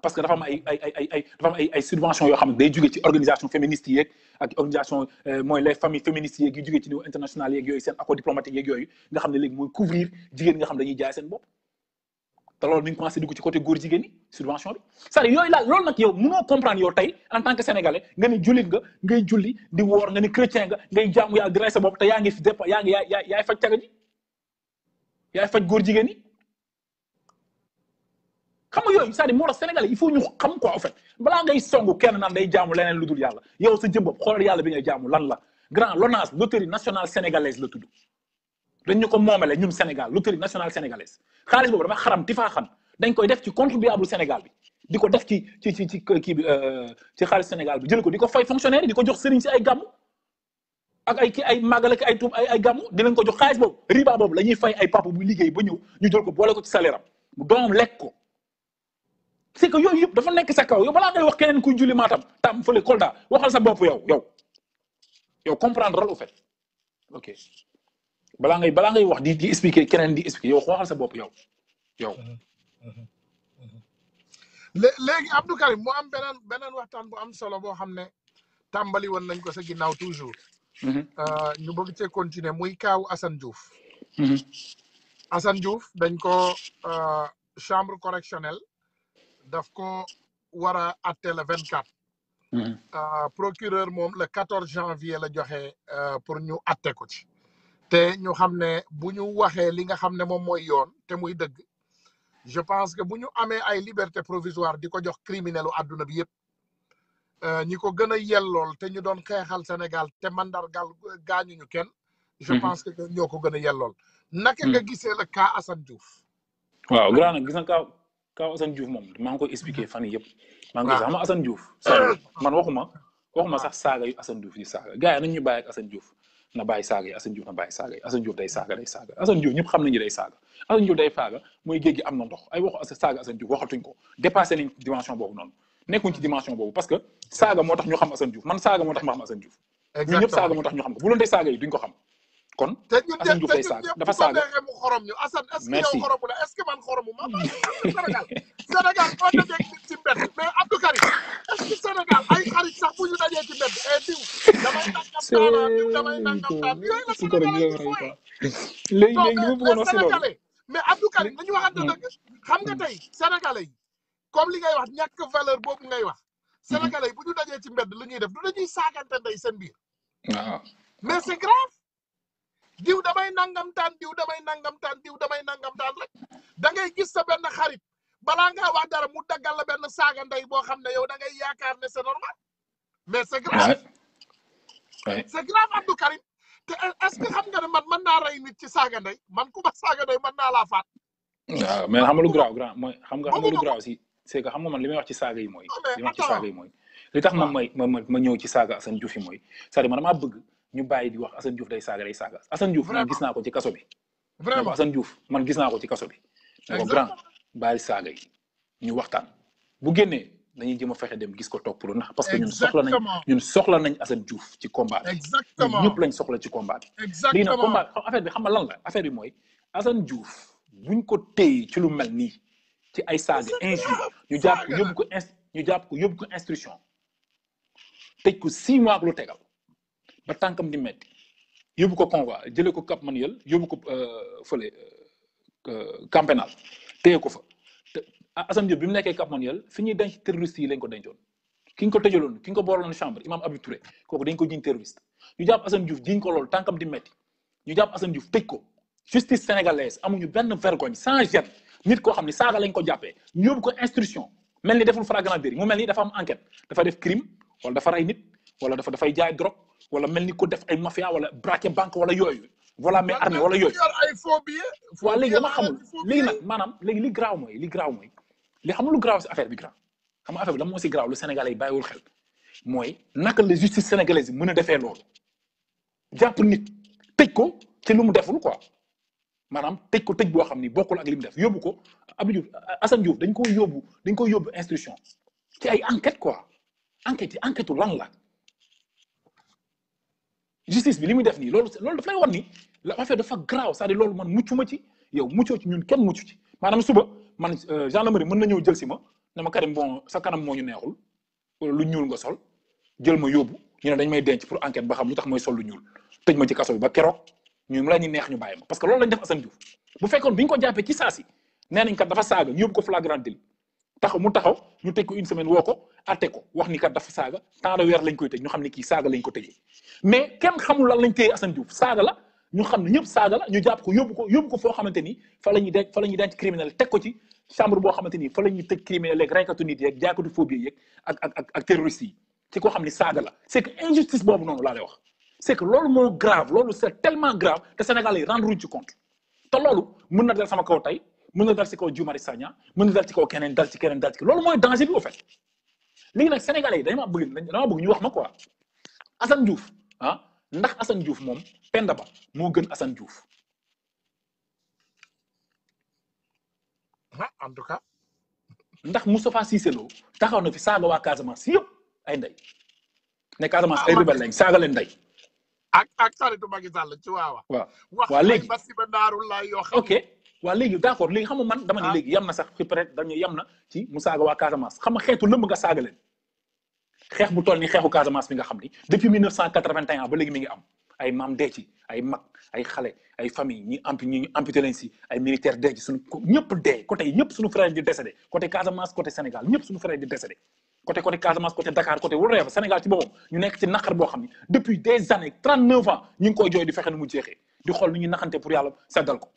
parce que dafa am ay ay ay ay dafa am ay ay subventions yoo xam day jógee ci organisation féministe yi ak organisation euh, moy les familles féministes yeeg yu jógee ci niveau international yeeg yoy sen accord diplomatique yeeg yoy nga xam légui moy couvrir jigen nga xam dañuy jaay seen bopp te loolu mi ngi commencé dugg ci côté góor jigen ni subvention bi c'est-à-dire yooyu laa yow mëno comprendre yow tay en tant que sénégalais nga ni jullit nga ngay julli di wor nga ni chrétien nga ngay jamu ya di rey sa bopp te yaa ngi fi dépend ya ngi yaa yaay faj caga ya yaay faj góor jigéen ñi xam nga yooyu c'est-à-dire moo tax Sénégal il faut ñu xam quoi en fait balaa ngay songu kenn naan day jaamu leneen lu dul yàlla yow sa jëm bopp xoolal yàlla bi ngay jaamu lan la grand LONASE loterie nationale sénégalaise la tudd dañ ñu ko moomale ñun Sénégal loterie nationale sénégalaise xaalis boobu dafa xaram ti faa dañ koy def ci contribuable Sénégal bi di ko def ci ci ci ci kii bi euh, ci xaalis Sénégal bi jël ko di ko fay fonctionnaire di ko jox sëriñ si ay gàmmu ay kii ay ay tuub ay ay gàmmu dinañ ko jox xaalis boobu riba boobu la ñuy fay ay papa bu ba ñëw ñu jël ko boole ko ci salaire am doomam lekk ko c'est que yooyu yëpp dafa nekk sa kaw yow balaa ngay wax keneen kuy julli Matam tam fële Kolda waxal sa bopp yow yow yow comprendre au fait ok balaa nga balaa ngay wax di di expliquer keneen di expliquer yow waxal sa bop yow yow. Mm-hmm. Mm-hmm. Mm-hmm. léegi Abdou Karim mu am beneen beneen waxtaan bu am solo boo xam ne tàmbali woon nañ ko sa ginnaaw toujours. Euh, ñu bëgg cee continuer muy kaaw Assane Diouf. Assane Diouf dañ ko euh, chambre correctionnel daf ko war a le vingt quatre mm-hmm. euh, procureur moom le quatorze janvier la joxe euh, pour ñu atte ko ci te ñu xam ne bu ñu waxee li nga xam ne moom yoon te muy dëgg je pense que bu ñu amee ay liberté provisoire di ko jox criminel u àdduna bi yëpp euh, ñi ko gën a yellool te ñu doon xeexal Sénégal te mandargal gaañuñu kenn je mm-hmm. pense que ñoo ko gën a yellool naka nga mm-hmm. gisee le cas Assane Diouf waaw grand gis nga kaw Assane Diouf mom maa ngi expliquer fan yii yëpp. maa ngi koy xam Assane Diouf. man waxuma waxuma sax saga yu Assane Diouf ni saga gaay yi nañ ñu bàyyi ak Assane Diouf na baye saga yi Assane Diouf na baye saga yi Assane Diouf day saga day saga Assane Diouf ñëpp xam nañu day saga Assane Diouf day faga moy géej gi am na ndox ay waxu saga Assane Diouf waxatuñ ko dépasser nañ dimension bobu non nekkuñ ci dimension bobu parce que saga motax ñu xam Assane Diouf man saga motax tax ma xam Assane Diouf. exactement ñun ñëpp saaga ñu xam ko bu doon tey saaga yi duñ ko xam kon. Assane Diouf day saaga dafa saaga te ñun mu xorom ñu Assane est ce que yow xoromu la est ce que man xoromu ma. Sénégal Sénégal boo dajee nit ci mbedd mais Abdou Karim est ce que Sénégal ay xarit sax bu ñu dajee ci mbedd et eh, diw damay nangam taala diw damay nangam taala yooyu la Sénégalais di fooyee. léegi léegi li mu bëggoon aussi loolu mais Abdou Karim dañu waxante hmm. dëgg xam nga tey Sénégalais yi comme li ngay wax ñàkk valeur boobu ngay wax. Hmm. Sénégalais yi bu ñu dajee ci mbedd lu ñuy def du dañuy saagante ndey seen biir. waaw ah. mais c'est grave. diw damay nangam tan diw damay nangam tan diw damay nangam tan rek da ngay gis sa ben xarit bala nga wax dara mu dagal la ben saga nday bo xamne yow da ngay yakar ne c'est normal mais c'est grave c'est grave Abdou Karim te est-ce que xam nga ne man mën naa rey nit ci saaga ndey man ku ma saaga ndey mën naa laa faat mais xam lu graaw grand mooy xam nga xam lu graaw si c'est que xam nga man li wax ci saaga yi mooy li wax ci saaga yi mooy li tax ma ah. ci bëgg ñu bàyyi di wax Assane Diouf day saaga day saaga Assane Diouf man gis naa ko ci kaso bi. vraiment Assane Diouf man gis naa ko ci kaso bi. exactement grand bàyyi saaga yi ñu waxtaan. bu génnee dañuy jëm a fexe dem gis ko lu nax parce que ñun soxla nañ ñun soxla nañ Assane Diouf ci combat bi. exactement ñëpp lañ soxla ci combat bi. exactement léegi combat affaire bi xam nga lan la affaire bi mooy Assane Diouf buñ ko téye ci lu mel nii ci ay saaga injure ñu jàpp ko ko ñu jàpp ko instruction tëj ko six mois lu ba tànkam di metti yóbbu ko convoi jëlee ko Cap Manuel yóbbu ko euh, fële euh, Camp pénal téye ko fa te ah, Assane bi mu nekkee Cap Manuel fi ñuy denc terroriste yi lañ ko dencoon ki ko tëjaloon ki ko booloon chambre imam Abi Touré kooku dañ ko jiñ terroriste ñu jàpp Assane Diouf jiñ ko loolu tànkam di metti ñu jàpp Assane Diouf tëj ko justice sénégalaise amuñu benn vergogne sans jet nit koo xam ne saaga lañ ko jàppee ñu yóbbu ko instruction mel ni deful flagrant délit mu mel ni dafa am enquête dafa def crime wala dafa ray nit wala dafa dafay jaay drogue wala melni ko def ay mafia wala braquer banque wala yooyu voilà mais armée wala ay yooyu waaw léegi dama xamul léegi nag maanaam léegi li graw moy li graw moy li xamul lu graw si affaire bi graaw xam affaire bi la moo si graaw lu sénégalais yi bàyyiwul xel moy naka la justice sénégalaise meuna a lool japp nit tejj ko ci lu mu deful quoi manam tejj ko tejj bo xamni ni bokkul ak li def yóbbu ko Abdou Diouf Assane Diouf dañ ko yóbbu dañ ko yóbbu instruction ci ay enquête quoi enquête enquête lan la justice bi li muy def nii loolu loolu daf lay wan ni la affaire dafa graaw c'est-à-dire loolu man muccu ma ci yow muccoo ci ñun kenn muccu ci maanaam suba man euh, gendarmerie mën na ñëw jël si ma ne ma Karim bon sa kanam moo ñu neexul wala lu ñuul nga sol jël ma yóbbu ñu ne dañ may denc pour enquête ba xam lu tax mooy sol lu ñuul tëj ma ci kaso bi ba keroog ñu la ñu neex ñu bàyyi ma parce que loolu lañ def Assane Diouf bu fekkoon bi ñu ko jàppee ci saasi nee nañ kat dafa ko flagrant délit taxaw mu taxaw ñu tëj ko une semaine woo ko atte wax ni kat dafa saaga temps de weer lañ koy tëj ñu xam ne kii lañ ko tëjee mais kenn xamul lan lañ téye Assane Diouf saaga la ñu xam ne ñëpp saaga la ñu jàpp ko yóbbu ko yóbbu ko foo xamante ni fa la ñuy denc fa la ñuy denc criminel teg ko ci chambre boo xamante ni fa la ñuy tëj criminel yeeg reykatu nit yeeg jaakatu phobie yeeg ak ak ak ak terroriste yi ci koo xam ne saaga la c' est que injustice boobu noonu laa lay wax c' est que loolu moo grave loolu c' est tellement grave te Sénégal yi rendre ci compte te loolu mën na dal sama kaw tey mën na dal ci kaw Guy Marius Sagna mën na dal ci kaw keneen dal ci keneen dal ci loolu mooy danger bi au fait léegi nag sénégalais yi dañ ma bëgg dama bëgg ñu wax ma quoi Assane Diouf ah ndax Assane Diouf moom Penda Ba moo gën Assane Diouf. ah en tout cas. ndax Moustapha Cissé Lo taxaw na fi saaga waa Casamance yëpp ay ndey ne Casamance ay ah, rebelle lañ saaga leen ndey. ak ak xaritu Macky Sall ci waaw waaw léegi wax ba si ba daarul laa yoo ok. waa léegi d'accord léegi xam nga man dama ne ah. léegi yam na sax peut être dañu yam na ci mu saaga waa Casamance xam xeetu lëmb nga saaga leen xeex bu toll ni xeexu Casamance bi nga xam ni depuis 1981 ba léegi mi ngi am ay maam dee ci ay mag ay xale ay famille ñi ampi ñi ñu amputé leen si ay militaire dee ci suñu ñëpp dee côté ñëpp suñu nekk ci naqar boo xam ni depuis des années 39 ans ñu ngi koy jooy di fexe nu mu jeexee di xool nu ñuy naxante pour yàlla seddal ko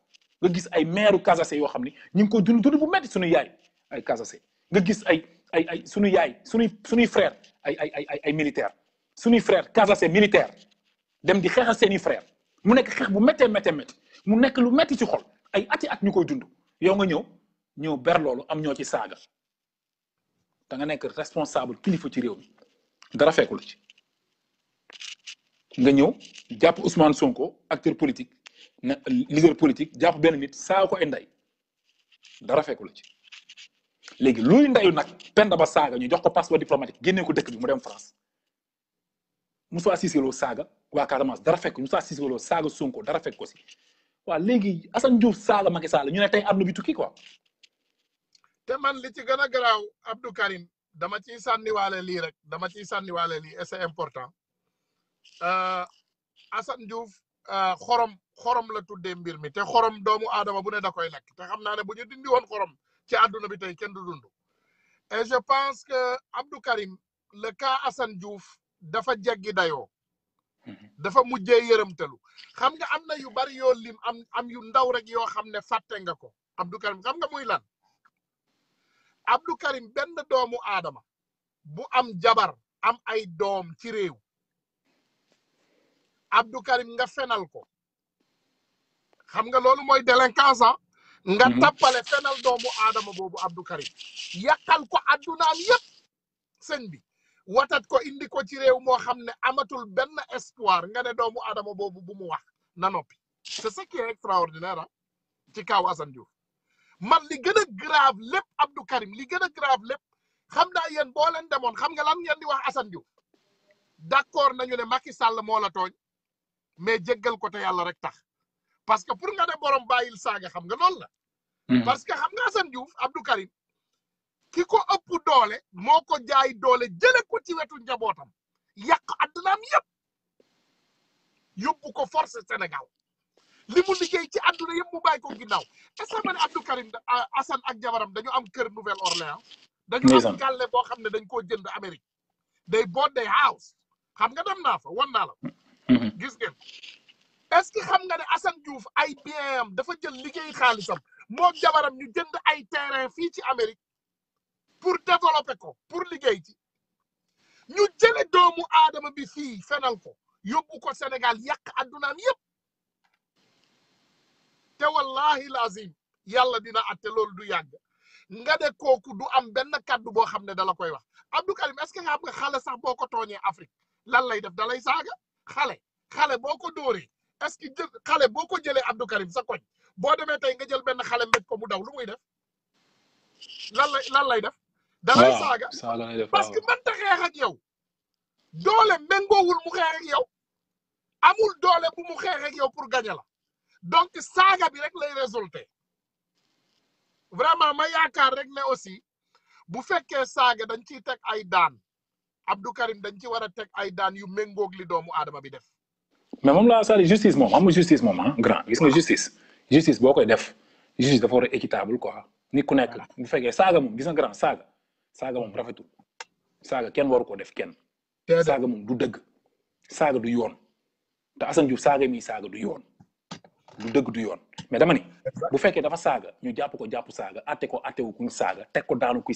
nga gis ay maire de yoo xam ni ko dund dund bu metti suñu yaay ay nga gis ay ay ay suñu yaay frère ay ay ay ay militaire suñuy frère militaire dem di seeni frère mu bu mu lu metti ci xol ay dund yow nga ber am ñoo ci da nga Ousmane Sonko acteur politique ne leader politique jàpp benn nit saaga ko ay nday dara fekku ci léegi luy ndayu nag Penda ba saaga ñu jox ko passeport diplomatique génnee ko dëkk bi mu dem France Moussa Cissé Lo saaga waa Casamance dara fekk Moussa Cissé Lo saaga Sonko dara fekk ko si waaw léegi Assane Diouf saaga Macky Sall ñu ne tey àdduna bi tukki quoi. te man li ci gën a garaaw Abdou Karim dama ciy sànniwaale lii rek dama ciy sànniwaale lii et c'est important euh, Assane Diouf euh, xorom xorom la tuddee mbir mi te xorom doomu aadama bu ne da koy lekk te xam naa ne bu ñu dindi woon xorom ci àdduna bi te kenn du dund et je pense que Abdou Karim le cas Assane dafa jeggi dayoo mhm. dafa mujjee yërëmtalu xam nga am na yu bari yoo lim am yu ndaw rek yoo xam ne fàtte nga ko Abdou Karim xam nga muy lan Abdou Karim benn doomu aadama bu am jabar am ay doom ci réew Abdou Karim nga fenal ko xam nga loolu mooy délinquance ah nga mhm. tappale fenal doomu aadama boobu Abdou Karim yàqal ko addunaam yépp sëñ bi watat ko indi ko ci réew moo xam ne amatul benn espoir nga ne doomu aadama boobu bu mu wax na noppi c'est ce qui est extraordinaire ah, ci kaw Assane Diouf man li gën a grave lépp Abdou Karim li gën a grave lépp xam naa yéen boo leen demoon xam nga lan ngeen di wax Assane Diouf d'accord nañu ne Macky Sall moo la tooñ mais jéggal ko te yàlla rek tax parce que pour nga ne borom bàyyil saaga xam nga loolu la. Hmm. parce que xam nga Assane Diouf Abdou Karim ki ko ëpp doole moo ko jaay doole jële ko ci wetu njabootam yàq addunaam yëpp yóbbu ko force Sénégal li mu ci adduna yëpp mu bàyyi ko ginnaaw est-ce ne man Abdou Karim euh, Assane ak jabaram dañu am kër Nouvelle-Orléans dañu am gàlle boo xam ne dañ koo jënd Amérique day boot day house xam nga dem naa fa wan naa la hmm. gis ngeen est que xam nga ne Assane Diouf ay bien am dafa jël liggéey xaalisam moom jabaram ñu jënd ay terrain fii ci Amérique pour développer ko pour liggéey ci ñu jële doomu aadama bi fii fenal ko yóbbu ko senegal yàq addunaam yépp te wallahi lazim yàlla dina atte loolu du yàgg nga de kooku du am benn kaddu boo xam ne dala koy wax Abdou Karim est que nga xam nga xale sax boo ko tooñee Afrique lan lay def dalay saaga xale xale boo ko dóoree est-ce que jël xale boo ko jëlee Abdou Karim sa koñ boo demee tey nga jël benn xale mbéj ko mu daw lu muy def lan lay lay def. da lay saaga parce que ak yow. doole méngoowul mu xeex ak amul doole mu xeex ak pour gagner la donc saaga bi rek lay résulté vraiment ma yaakaar rek ne aussi bu fekkee saaga dañ ciy teg ay daan Abdou Karim dañ ci war a teg ay daan yu méngoog li doomu aadama bi def. mais moom l'a salle justice moom amul justice moom ah, grand gis nga justice justice boo def justice dafa war équitable quoi ni ku nek bu fekkee saga moom gis nga grand saga saga moom rafetul saga ken waru ko def ken saga moom du deug saga du yoon ta Assane Diouf saga mi saga du yoon du deug du yoon mais dama ni bu fekkee dafa saga ñu japp ko japp saga atte ko atte wu kuñ saga teg ko daanu kuy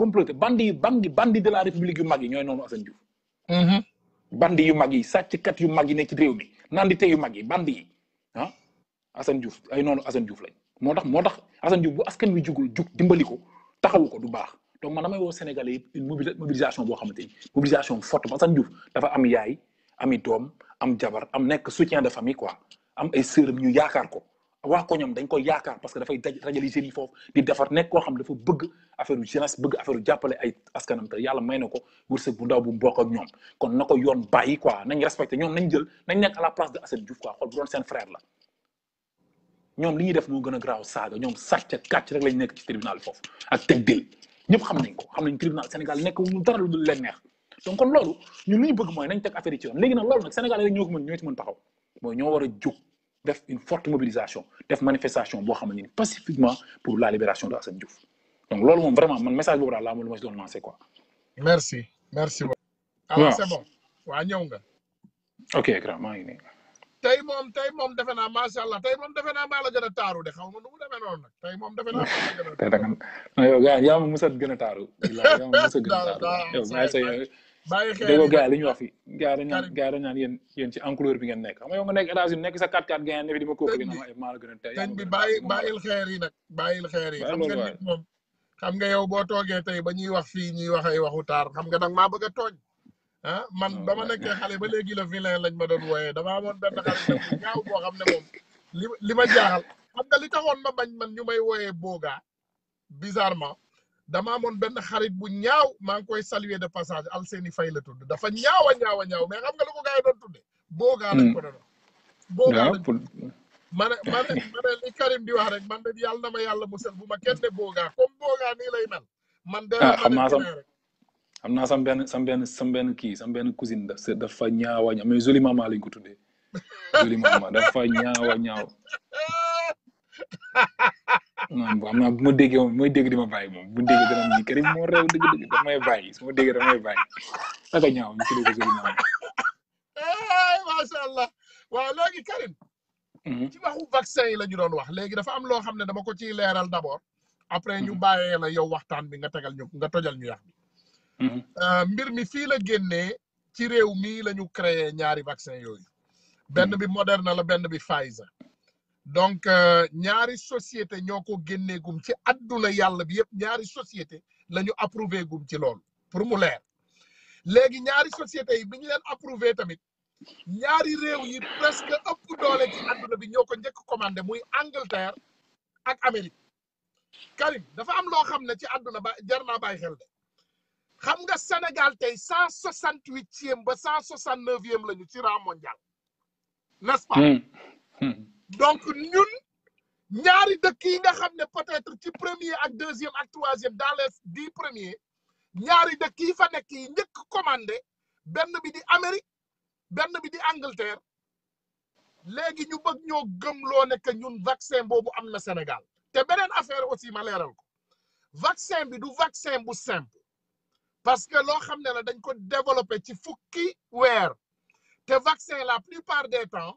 comploté bandi yu bandi bandi de la république yu mag yi ñooy noonu Assane Diouf. Mm-hmm. bandi yu mag yi sàcckat yu mag yi nekk ci réew mi te yu mag yi bandi yi ah Assane Diouf ay noonu Assane Diouf lañ moo tax moo tax Assane Diouf bu askan wi jugul jug dimbali ko taxawu ko du baax donc man damay woo Sénégalais yëpp une mobilisation boo xamante ni mobilisation forte ba Assane Diouf dafa am yaay ami doom am jabar am nekk soutien de famille quoi am ay sœuram ñu yaakaar ko. waa ko ñoom dañ koy yaakaar parce que dafay daj rajali jeunes foofu di defar nekk koo xam dafa bëgg affaire jeunesse bëgg affaire jàppale ay askanam te yàlla may na ko wërsëg bu ndaw bu mbokk ñoom kon na ko yoon bàyyi quoi nañ respecté ñoom nañ jël nañ nekk li ñuy def moo gën a graaw saaga ñoom sàcc ak kàcc rek lañ nekk ci tribunal foofu ak teg dil ñëpp xam nañ ko xam nañ tribunal Sénégal nekk mu dara lu dul leen neex donc kon loolu ñu bëgg mooy nañ teg affaire yi ci léegi nag loolu a jóg def une forte mobilisation def manifestation bo xamante pacifiquement pour la libération de Assane Diouf donc loolu mom vraiment man message boobu daal laa moom lu ma si doon lancé quoi. merci merci. waaw ah, waaw c'est bon Wa ñew nga. ok grand maa ngi nii. tey moom tey moom defe naa macha allah tey moom defe naa maa la gën a de xaw nu mu demee non nak. Tay mom defé na maa la gën a. da nga yow gars yaa ma mës gëna taru. a taaru. yaa ma mës a gën bàyyi xel déggoo gars yi li ñu wax fi gars yi dañu gars yi dañu naan yéen yéen ci bi ngeen nekk xam nga yow nga nekk États-Unis nekk sa 4-4 gars ne fi di ma la a tey bi bàyyi moom xam nga yow boo toogee tey ba ñuy wax fii ñuy wax ay waxu taar xam nga nag maa bëgg a tooñ ah man ba ma nekkee xale ba léegi la vilain lañ ba doon wooyee dama amoon benn xale xam ne moom li li ma jaaxal xam nga li taxoon ma bañ man ñu may wooyee boogaa bizarrement dama amone ben xarit bu ñaaw ma ngi koy saluer de passage seni fay la tudd dafa ñaaw ñaaw ñaaw mais xam nga lu ko gars do doon bo ga la ko do bo ga ah, lañ ma ne li Karim di wax rek man de yalla na yalla yàlla musal bu ma kenn bo ga comme ga ni lay mel man de xamna ah, sam xamna sam ben sam ben sam ben ki sam ben cousine daf dafa ñaaw ñaaw mais joli mama lañ ko tuddee joli maman dafa ñaaw ñaaw non bu am bu ma déggee moom mooy dégg di ma bàyyi moom bu ma déggee dana ni Karim moo réew dëgg dëgg damay bàyyi su ma déggee damay bàyyi naka ñaaw ñu tuddee ko sëriñ Maam macha allah waaw léegi Karim ci waxu vaccin yi la ñu doon wax léegi dafa am loo xam ne dama ko ciy leeral d'abord après ñu hmm. bàyyee la yow waxtaan bi nga tegal ñu nga tojal ñu yax bi hmm. euh, mbir mi fii la génnee ci réew mii la ñu ñaari vaccin yooyu benn hmm. bi Moderna la benn bi Pfizer donc euh, ñaari société ñoo ko génnee gum ci adduna yàlla bi yëpp ñaari société la ñu approuvé gum ci loolu pour mu leer léegi ñaari société yi bi leen approuvé tamit ñaari réew yi presque ëpp doole ci adduna bi ñoo ko njëkk commandé muy Angleterre ak Amérique Karim dafa am loo xam ne ci àdduna ba jar naa bàyyi xel de xam nga Sénégal tey cent soixante huitième ba cent soixante neuvième la ñu ci rang mondial nest pas hmm. Hmm. donc ñun ñaari dëkk yi nga xam ne peut-être ci premier ak deuxième ak troisième dans les dix premiers ñaari dëkk yi fa nekk yi njëkk commandé benn bi di Amérique benn bi di Angleterre léegi ñu bëgg ñoo gëmloo ne que ñun vaccin boobu am na Sénégal te beneen affaire aussi ma leeral ko vaccin bi du vaccin bu simple parce que loo xam ne la dañ ko développé ci fukki weer te vaccin la plupart des temps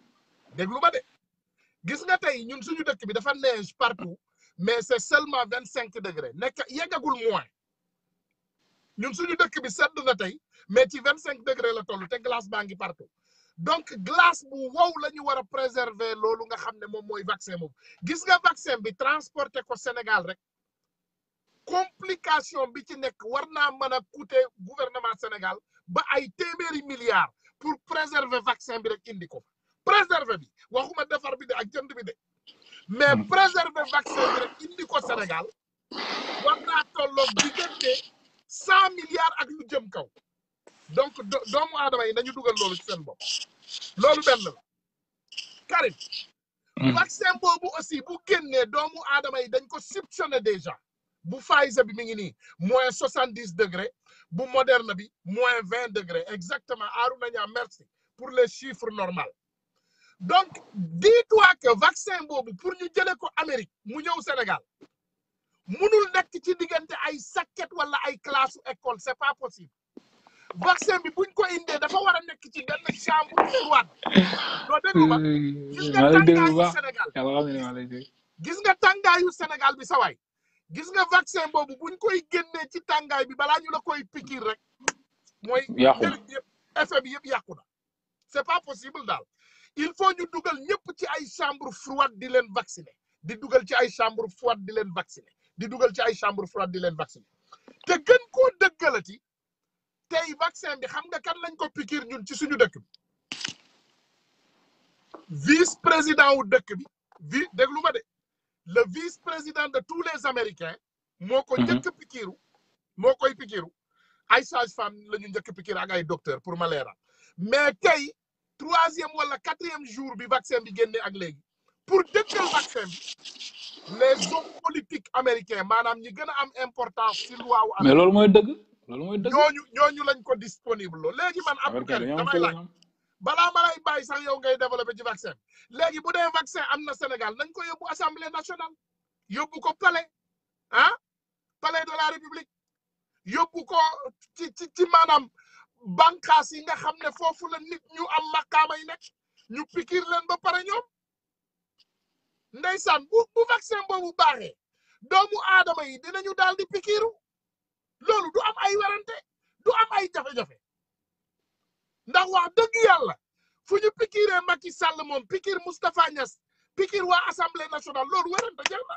déglu ma de gis nga tay ñun suñu dëkk bi dafa neige partout mais c'est seulement 25 degrés. Nek nekk moins ñun suñu dëkk bi sedd na tay mais ci 25 degrés la tollu té glace baangi partout donc glace bu wow lañu wara préserver lolu nga xamné ne moy vaccin moom gis nga vaccin bi transporter ko Sénégal rek complication bi ci nek warna mëna a coûter gouvernement Sénégal ba ay téeméeri milliards pour préserver vaccin bi rek indi ko préserver bi waxuma defar bi ak jënd bi mais hmm. préserver vaccin rek indi ko Sénégal milliards ak donc doomu ci Karim vaccin aussi bu doomu dañ déjà Pfizer moins 70 degrés. moins 20 degrés. exactement merci pour les chiffres normaux donc dis-toi que boobu pour ñu jëlee ko Amérique mu ñëw senegal munul nekk ci diggante ay sàkket wala ay classe école c'est pas possible vaccin bi buñ ko indee dafa war a nekk ci benn chambre froide. Ah, gis nga tàngaayu senegal bi sawaay gis nga vaccin boobu buñ koy génnee ci tàngaay bi balaa ñu la koy pikiir rek. mooy yàqu yëpp effet bi yëpp yàqu na c'est pas possible daal. il faut ñu dugal ñëpp ci ay chambre froide di leen vacciner di dugal ci ay chambre froide di leen vacciner di dugal ci ay chambre froide di leen vacciner te gën koo dëggalati tey vaccin bi xam nga kan lañ ko pikiir ñun ci suñu dëkk bi vice président wu dëkk bi vi déglu ma de le vice président de tous les américains moo ko mhm. njëkk pikiiru moo koy pikiiru ay sage-femme lañu ñu njëkk pikiir ak ay docteur pour ma leeral mais tey troisième wala quatrième jour bi vaccin bi génne ak léegi pour dëkkal vaccin bi les hommes politiques américains maanaam ñi gën a am importance ci loi wu. mais loolu mooy dëgg loolu mooy dëgg. ñooñu ñooñu lañ ko disponible lool léegi man. am damay laaj balaa ma lay bàyyi sax yow ngay développé ci vaccin bi léegi bu dee vaccin am na Sénégal nañ ko yóbbu assemblée nationale yóbbu ko palais ah palais de la république yóbbu ko ci ci ci maanaam. bànqaas yi nga xam ne foofu la nit ñu am makaama yi nekk ñu pikir leen ba pare ñoom ndeysaan bu bu vaccin boobu baaxee doomu aadama yi dinañu daal di pikiru loolu du am ay werante du am ay jafe-jafe ndax wax dëgg yàlla fu ñu pikiree Macky Sall moom pikir Moustapha Niass pikir waa assemblée nationale loolu werante jël na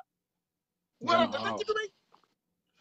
werante tekki may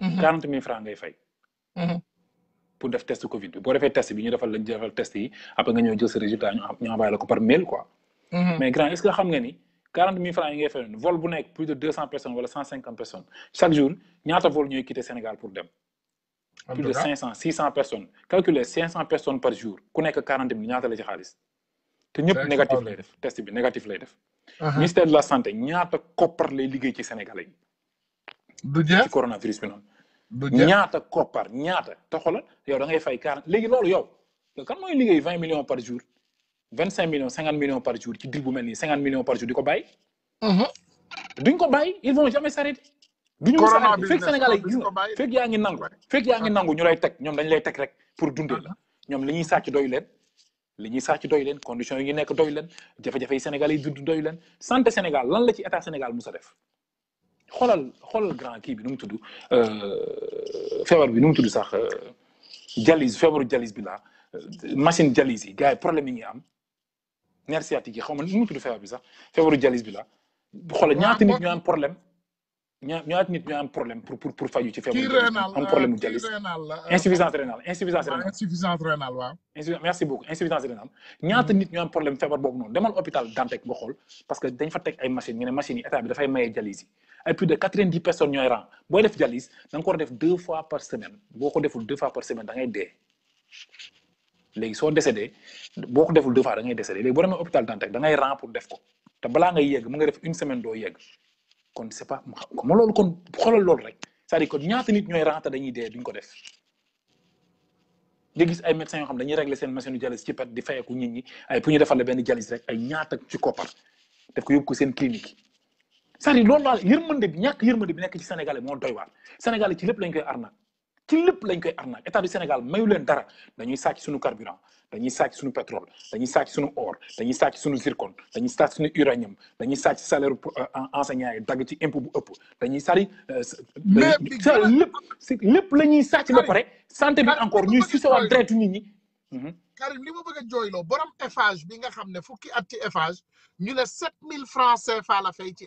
40 mhm. 000 francs FAI. Mhm. Pour faire le test du COVID, il peut faire le test, il vient le test Après, il vient résultat a le coupon par mail mhm. Mais grand, est-ce que je vous montre ni 40 000 francs FAI, 1000 personnes, plus de 200 personnes, 150 personnes chaque jour. Ni à te voler le sénégal pour demain. Plus de 500, 600 personnes. Calculer 500 personnes par jour, connecte 40 millions à les journalistes. Testé négatif les tests, bien négatif les tests. Uh-huh. ministère de la santé, ni à te couper les ligues sénégalais. du jeex ci coronavirus bi noonu. du ñaata koppar ñaata te xoolal yow da ngay fay quarante léegi loolu yow kan mooy liggéey vingt millions par jour vingt cinq millions cinquante millions par jour ci dil bu mel nii cinquante millions par jour di ko bàyyi. Mm-hmm. duñ ko bàyyi ils vont jamais s'arrêter. duñu s'arrêter fekk Sénégal fekk yaa ngi nangu fekk yaa ngi ah. nangu ñu lay teg ñoom dañ lay teg rek pour dundee la ah. ñoom li ñuy sàcc doy leen. li ñuy sàcc doy leen conditions yi ñu nekk doy leen jafe-jafe yi Sénégal yi dund doy lan la ci état Sénégal musa def xoolal xoolal grand kii bi nu mu tudd euh, feebar bi nu mu tudd sax euh, dialyse feebaru dialyse bi la euh, machine dialyse yi gars yi problème yi ngi am nerf sciatique yi xaw ma nu mu tudd feebar bi sax feebaru dialyse bi la xoolal ñaata nit ñu am problème ñaata nit ñu am problème pour pour pour faju ci feebar am problème dialyse insuffisance rénale insuffisance rénale insuffisance rénale waaw merci beaucoup insuffisance rénale ñaata hmm. nit ñu am problème feebar boobu noonu demal hôpital Dantec nga xool parce que dañ fa teg ay machine ñu ne machines yi état bi dafay maye dialyse yi ay plus de 90 personnes ñoy def dialyse da deux fois par semaine boko deful deux fois par semaine da ngay dé ils sont décédé boko deful deux fois da ngay décédé légui hôpital da ngay pour def ko yegg une semaine yegg kon c'est pas comme kon c'est-à-dire que ñaata nit ko def. médecins xam dañuy régler machine dialyse pour rek ay ñaata ci def ko clinique. c'est-à-dire yërmande bi ñàkk yërmande bi nekk ci sénégalais moo doy waar sénégalais ci lépp lañ koy arnaque ci lépp lañ koy arnaque état du Sénégal mayu leen dara dañuy sàcc suñu carburant dañuy sàcc suñu pétrole dañuy sàcc suñu or dañuy sàcc suñu zircon dañuy sàcc suñu uranium dañuy sàcc salaire euh, enseignant yi dagg ci impôt bu ëpp dañuy sari euh, lépp lépp la ñuy sàcc ba pare santé bi encore ñuy susewaat deretu nit ñi mhm. Karim li ma bëgg jooyloo borom bi nga xam ne fukki at ñu ne sept mille francs CFA la fay ci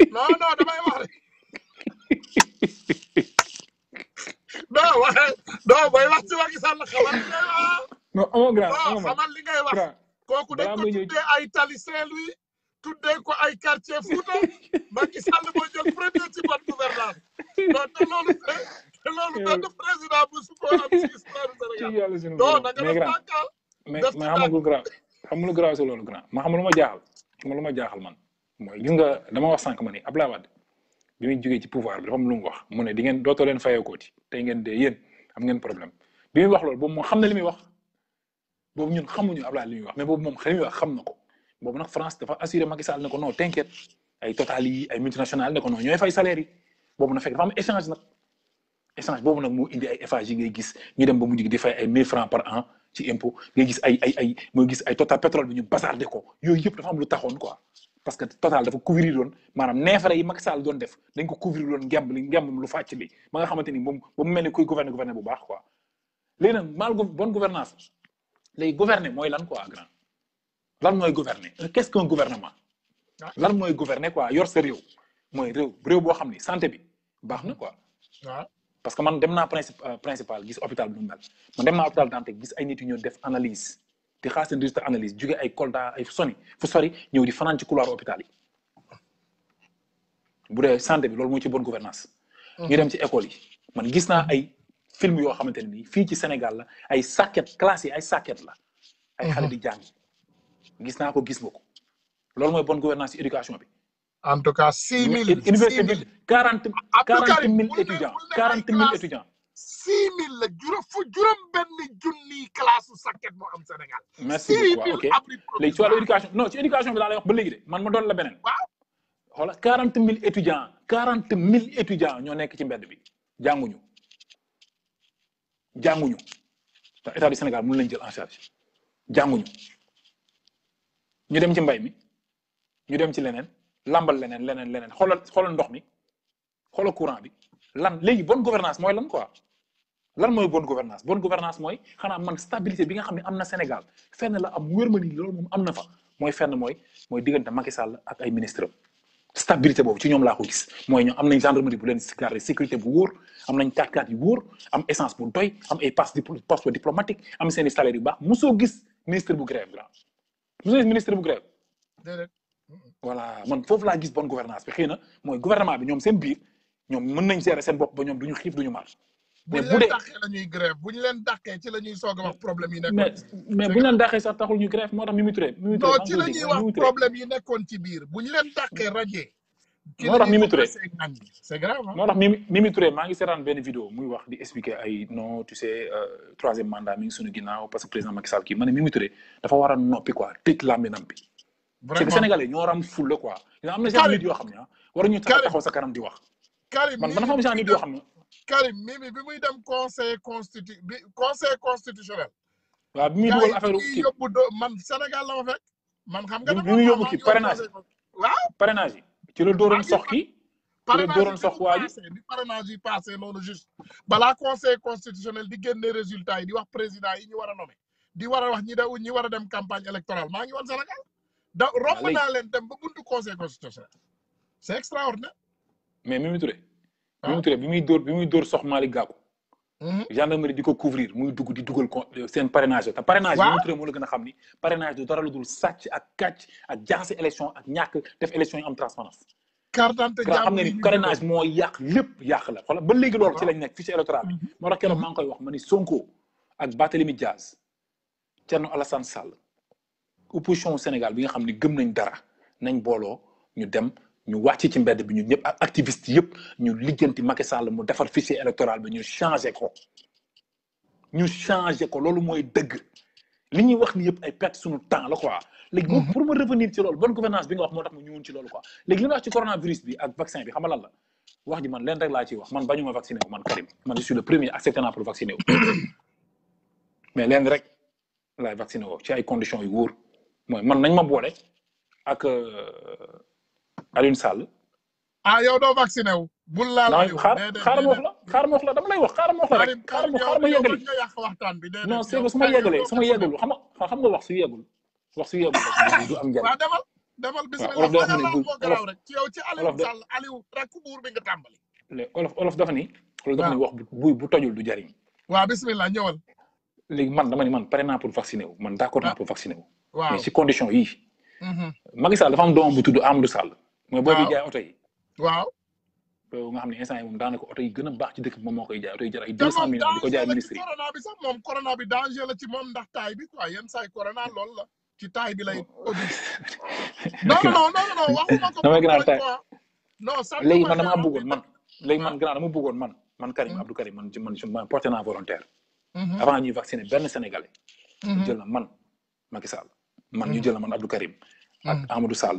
non non wax rek non wax ci Macky Sall xamal li ngay wax. non amoo grand amoo xamal li ngay wax. kooku dañ ko ay tali Saint-Louis ko ay quartier Fouta Macky Sall moo jël premier ci bonne te loolu te président bu su ko am ci histoire Sénégal non da nga def tànkal mais mais xamul grand si loolu grand ma xamul ma jaaxal man. mooy gis nga dama wax sànq ma ni Abdoulaye Wade bi muy jógee ci pouvoir bi dafa am lu mu wax mu ne di ngeen dootoo leen fayekooti tey ngeen dee yéen am ngeen problème bi muy wax lool boobu moom xam na li muy wax boobu ñun xamuñu Abdoulaye li muy wax mais boobu moom li xam na ko boobu nag France dafa assuré Macky Sall ne ko noo t'inquiète ay Total yi ay multinationales ne ko non ñooy fay salaire boobu na fekk dafa am échange nag échange boobu nag moo indi ay effage yi ngay gis ñu dem ba mu di fay ay 1000 francs par an ci impôt ngay gis ay ay ay parce que total dafa couvrir doon maanaam neefare yi Macky Sall doon def dañ ko couvrir doon ngemb li ngembam lu fàcc li ba nga xamante ni moom ba mu mel ni kuy gouverner gouverner bu baax quoi léegi nag mal bonne gouverner mooy lan quoi grand lan mooy gouverner euh, qu'est-ce qu'un gouvernement lan mooy gouverner quoi yor sa réew mooy réew boo xam ni santé bi baax na quoi parce que man dem naa euh, principal gis hôpital bu mu mel man dem naa hôpital Dantec gis ay nit yu ñoo def analyse di xaar seen résultat analyse jóge ay Kolda ay soni fu sori ñëw di fanaan ci couloir hôpital yi bu dee santé bi loolu mooy ci bonne gouvernance ñu dem ci école yi man gis naa ay film yoo xamante ne nii fii ci Sénégal la ay sàkket classe yi ay sàkket la ay xale di jàng gis naa ko gis nga ko loolu mooy bonne gouvernance éducation bi en tout cas six mille université mille étudiants six mille la ah, juróom fu juróom benn junni classe su moo am Sénégal. merci beaucoup ok léegi ci wàllu ci éducation bi laa lay wax ba léegi de man ma doon la beneen. waaw xoola quarante mille étudiants quarante mille étudiants ñoo nekk ci mbedd bi jànguñu jànguñu te état du Sénégal mën lañ jël en charge jànguñu ñu dem ci mbay mi ñu dem ci leneen lambal leneen leneen leneen xoolal xoolal ndox mi xoola courant bi lan léegi bonne gouvernance mooy lan quoi. lan moy bonne gouvernance bonne gouvernance moy xana man stabilité bi nga xamni amna Sénégal fenn la am wér ma ni loolu moom am fa moy fenn moy moy diggante Macky Sall ak ay ministre stabilité bobu ci ñom la ko gis moy ñoom am nañ gendarmerie bu leen sécurité sécurité bu woor am nañ kaat-kaat yu wóor am essence bu doy am ay passe passeport diplomatique am seen i salaire yu baax mosoo gis ministre bu grève grand mosoo gis ministre bu grève voilà man fofu la gis bonne gouvernance bi xëy moy gouvernement bi ñom seen biir ñom mën nañ gérer seen bopp ba ñom duñu xif duñu marche mais bu dee buñ leen dàqee a wax problème sax taxul ñuy wax problème yi nekkoon ci biir buñ leen dàqee benn vidéo muy wax di expliquer ay non tu euh, troisième mandat mi ngi suñu ginnaaw parce que président Macky Sall kii ma ne Mimi Touré dafa war a noppi quoi tëj làmminam bi. vraiment c'est ñoo ram fulla quoi. am na seen nit yoo xam ne ah waruñu taxaw sa kanam di wax. man man dafa am seen nit yoo xam Karim Mimi bi muy dem conseil constitu bi conseil constitutionnel. waaw bi muy dugal affaire man Sénégal la ma fekk. man xam nga bi muy yóbbu kii parrainage waaw parrainage yi. ci la dooroon sox kii. ci la dooroon sox waa ji bi parrainage yi passé noonu juste. balaa conseil constitutionnel di génne résultat yi di wax président yi ñu war a nommé di war a wax ñi da ñi war a dem campagne électorale maa ngi woon Sénégal. da romb naa leen dem ba buntu conseil constitutionnel. c'est extraordinaire. mais Mimi Touré. Je bi muy bi muy Sox Malick Gakou. Mhm. gendarmerie di couvrir muy dugg di dugal parrainage te parrainage bi mu la gën a parrainage du dara dul sàcc ak kàcc ak jaxase élection ak ñàkk def élection am transparence carte xam ni parrainage moo yàq lépp yàq la xoolal ba léegi loolu ci lañ nekk fichier électoral bi mhm. moo tax keroog mhm. maa koy wax ma ni Sonko ak Diaz Thierno Alassane Sall opposition Sénégal bi nga xam gëm nañ dara nañ booloo ñu dem nous wàcc ci mbedd bi ñun ñep activiste yëpp ñu ligganti Macky Sall mu défar fichier électoral bi ñu changer ko ñu changer ko loolu moy deug li ñi wax ni yëpp ay perte suñu temps la quoi. légui mhm. pour me revenir ci loolu bonne gouvernance bi nga wax moo tax mu won ci loolu quoi légui li wax ci coronavirus bi ak vaccin bi xam la wax di man leen rek la ci wax man bañu ma vacciné man Karim man je suis le premier accepté naa pour vacciné mais leen rek la vacciné woo ci ay conditions yu wóor man nañ ma boole ak. Euh, Alioune Sall. ah yow do vacciné wu. bul laal la xaaral xar mo la xar mo wax la dama lay wax xar mo wax la rek xaaral ma xaaral ma non c'est que su ma yeggalee xam nga xam nga wax su yeggul wax su yeggul du am njëriñ. waaw demal demal bisimilah wax ne bu olof ci yow ci Sall Aliou rek bi nga olof olof dafa ni. olof dafa ni wax bu bu tojul du jariñ. Wa bismillah ñewal. léegi man dama ni man pare pour vacciner wu man d'accord na ah. pour vacciner wu. mais si condition yii. Mhm. Macky Sall dafa am doom bu tudd Amadou Sall. mooy booy bi jaay oto yi. waaw. boobu nga xam ne instant yi moom daanaka oto yi gën a baax ci dëkk moom moo yi ko jaay ministre yi corona bi sax moom corona bi moom ndax taay bi quoi yenn saa yi corona loolu la ci taay bi lay. Oh. na non non non waxuma ko. damay gënaat taay sax léegi man damaa bëggoon man léegi man gënaat dama bëggoon man man Karim hmm. Abdou Karim man man man porté naa volontaire. Hmm. avant ñuy vacciner benn Sénégalais. Hmm. jël na man Macky Sall. man ñu jël na man Abdou Karim. ak Amadou Sall.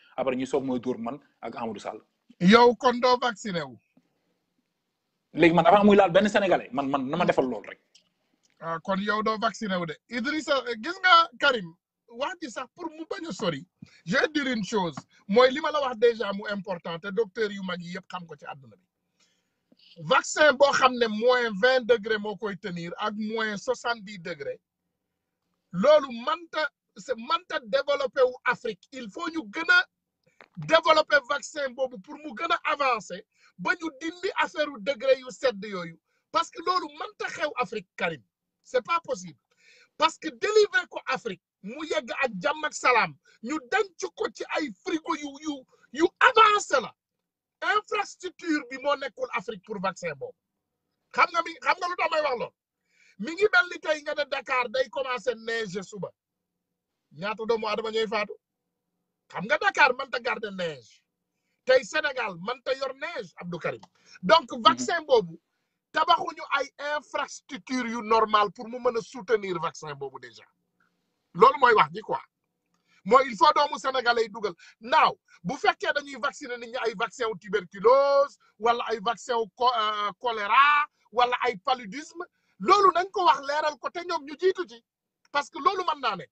après ñu soog mooy dóor man ak Amadou Sall. yow kon doo vacciné wu. léegi man avant muy laal benn sénégalais man man na ma loolu rek. Ah, kon yow doo vacciné wu de Idrissa gis nga Karim wax ji sax pour mu bañ sori. je vais une chose mooy li ma la wax déjà mu important te docteur yu mag yi yëpp xam ko ci àdduna bi. vaccin boo xam ne moins vingt degré moo koy tenir ak moins soixante dix degré loolu manta manta développé wu Afrique il faut ñu gën a développer vaccin boobu pour mu gën a avancer ba ñu dindi affaire degré yu sedd yooyu parce que loolu mënta xew Afrique Karim c'est pas possible parce que délivrer ko Afrique mu yegg ak jàmm ak salaam ñu denc ko ci ay frigo yu yu yu avancé la infrastructure bi moo nekkul Afrique pour vaccin boobu xam nga mi lu tax may wax lool mi ngi mel ni nga ne Dakar day commencer neige suba ñaata doomu adama ñooy faatu xam nga Dakar mënta garder neige tey Sénégal mënta yor neige Abdou Karim donc mhm. vaccin boobu ñu ay infrastructure yu normal pour mu mën a soutenir vaccin boobu déjà loolu mooy wax ji quoi mooy il faut doomu sénégal yi dugal naaw bu fekkee dañuy vacciner nit ñi ay vaccin wu tuberculose wala ay vaccin wu euh, choléra wala ay paludisme loolu nañ ko wax leeral ko te ñoom ñu jiitu ci parce que loolu mën naa nekk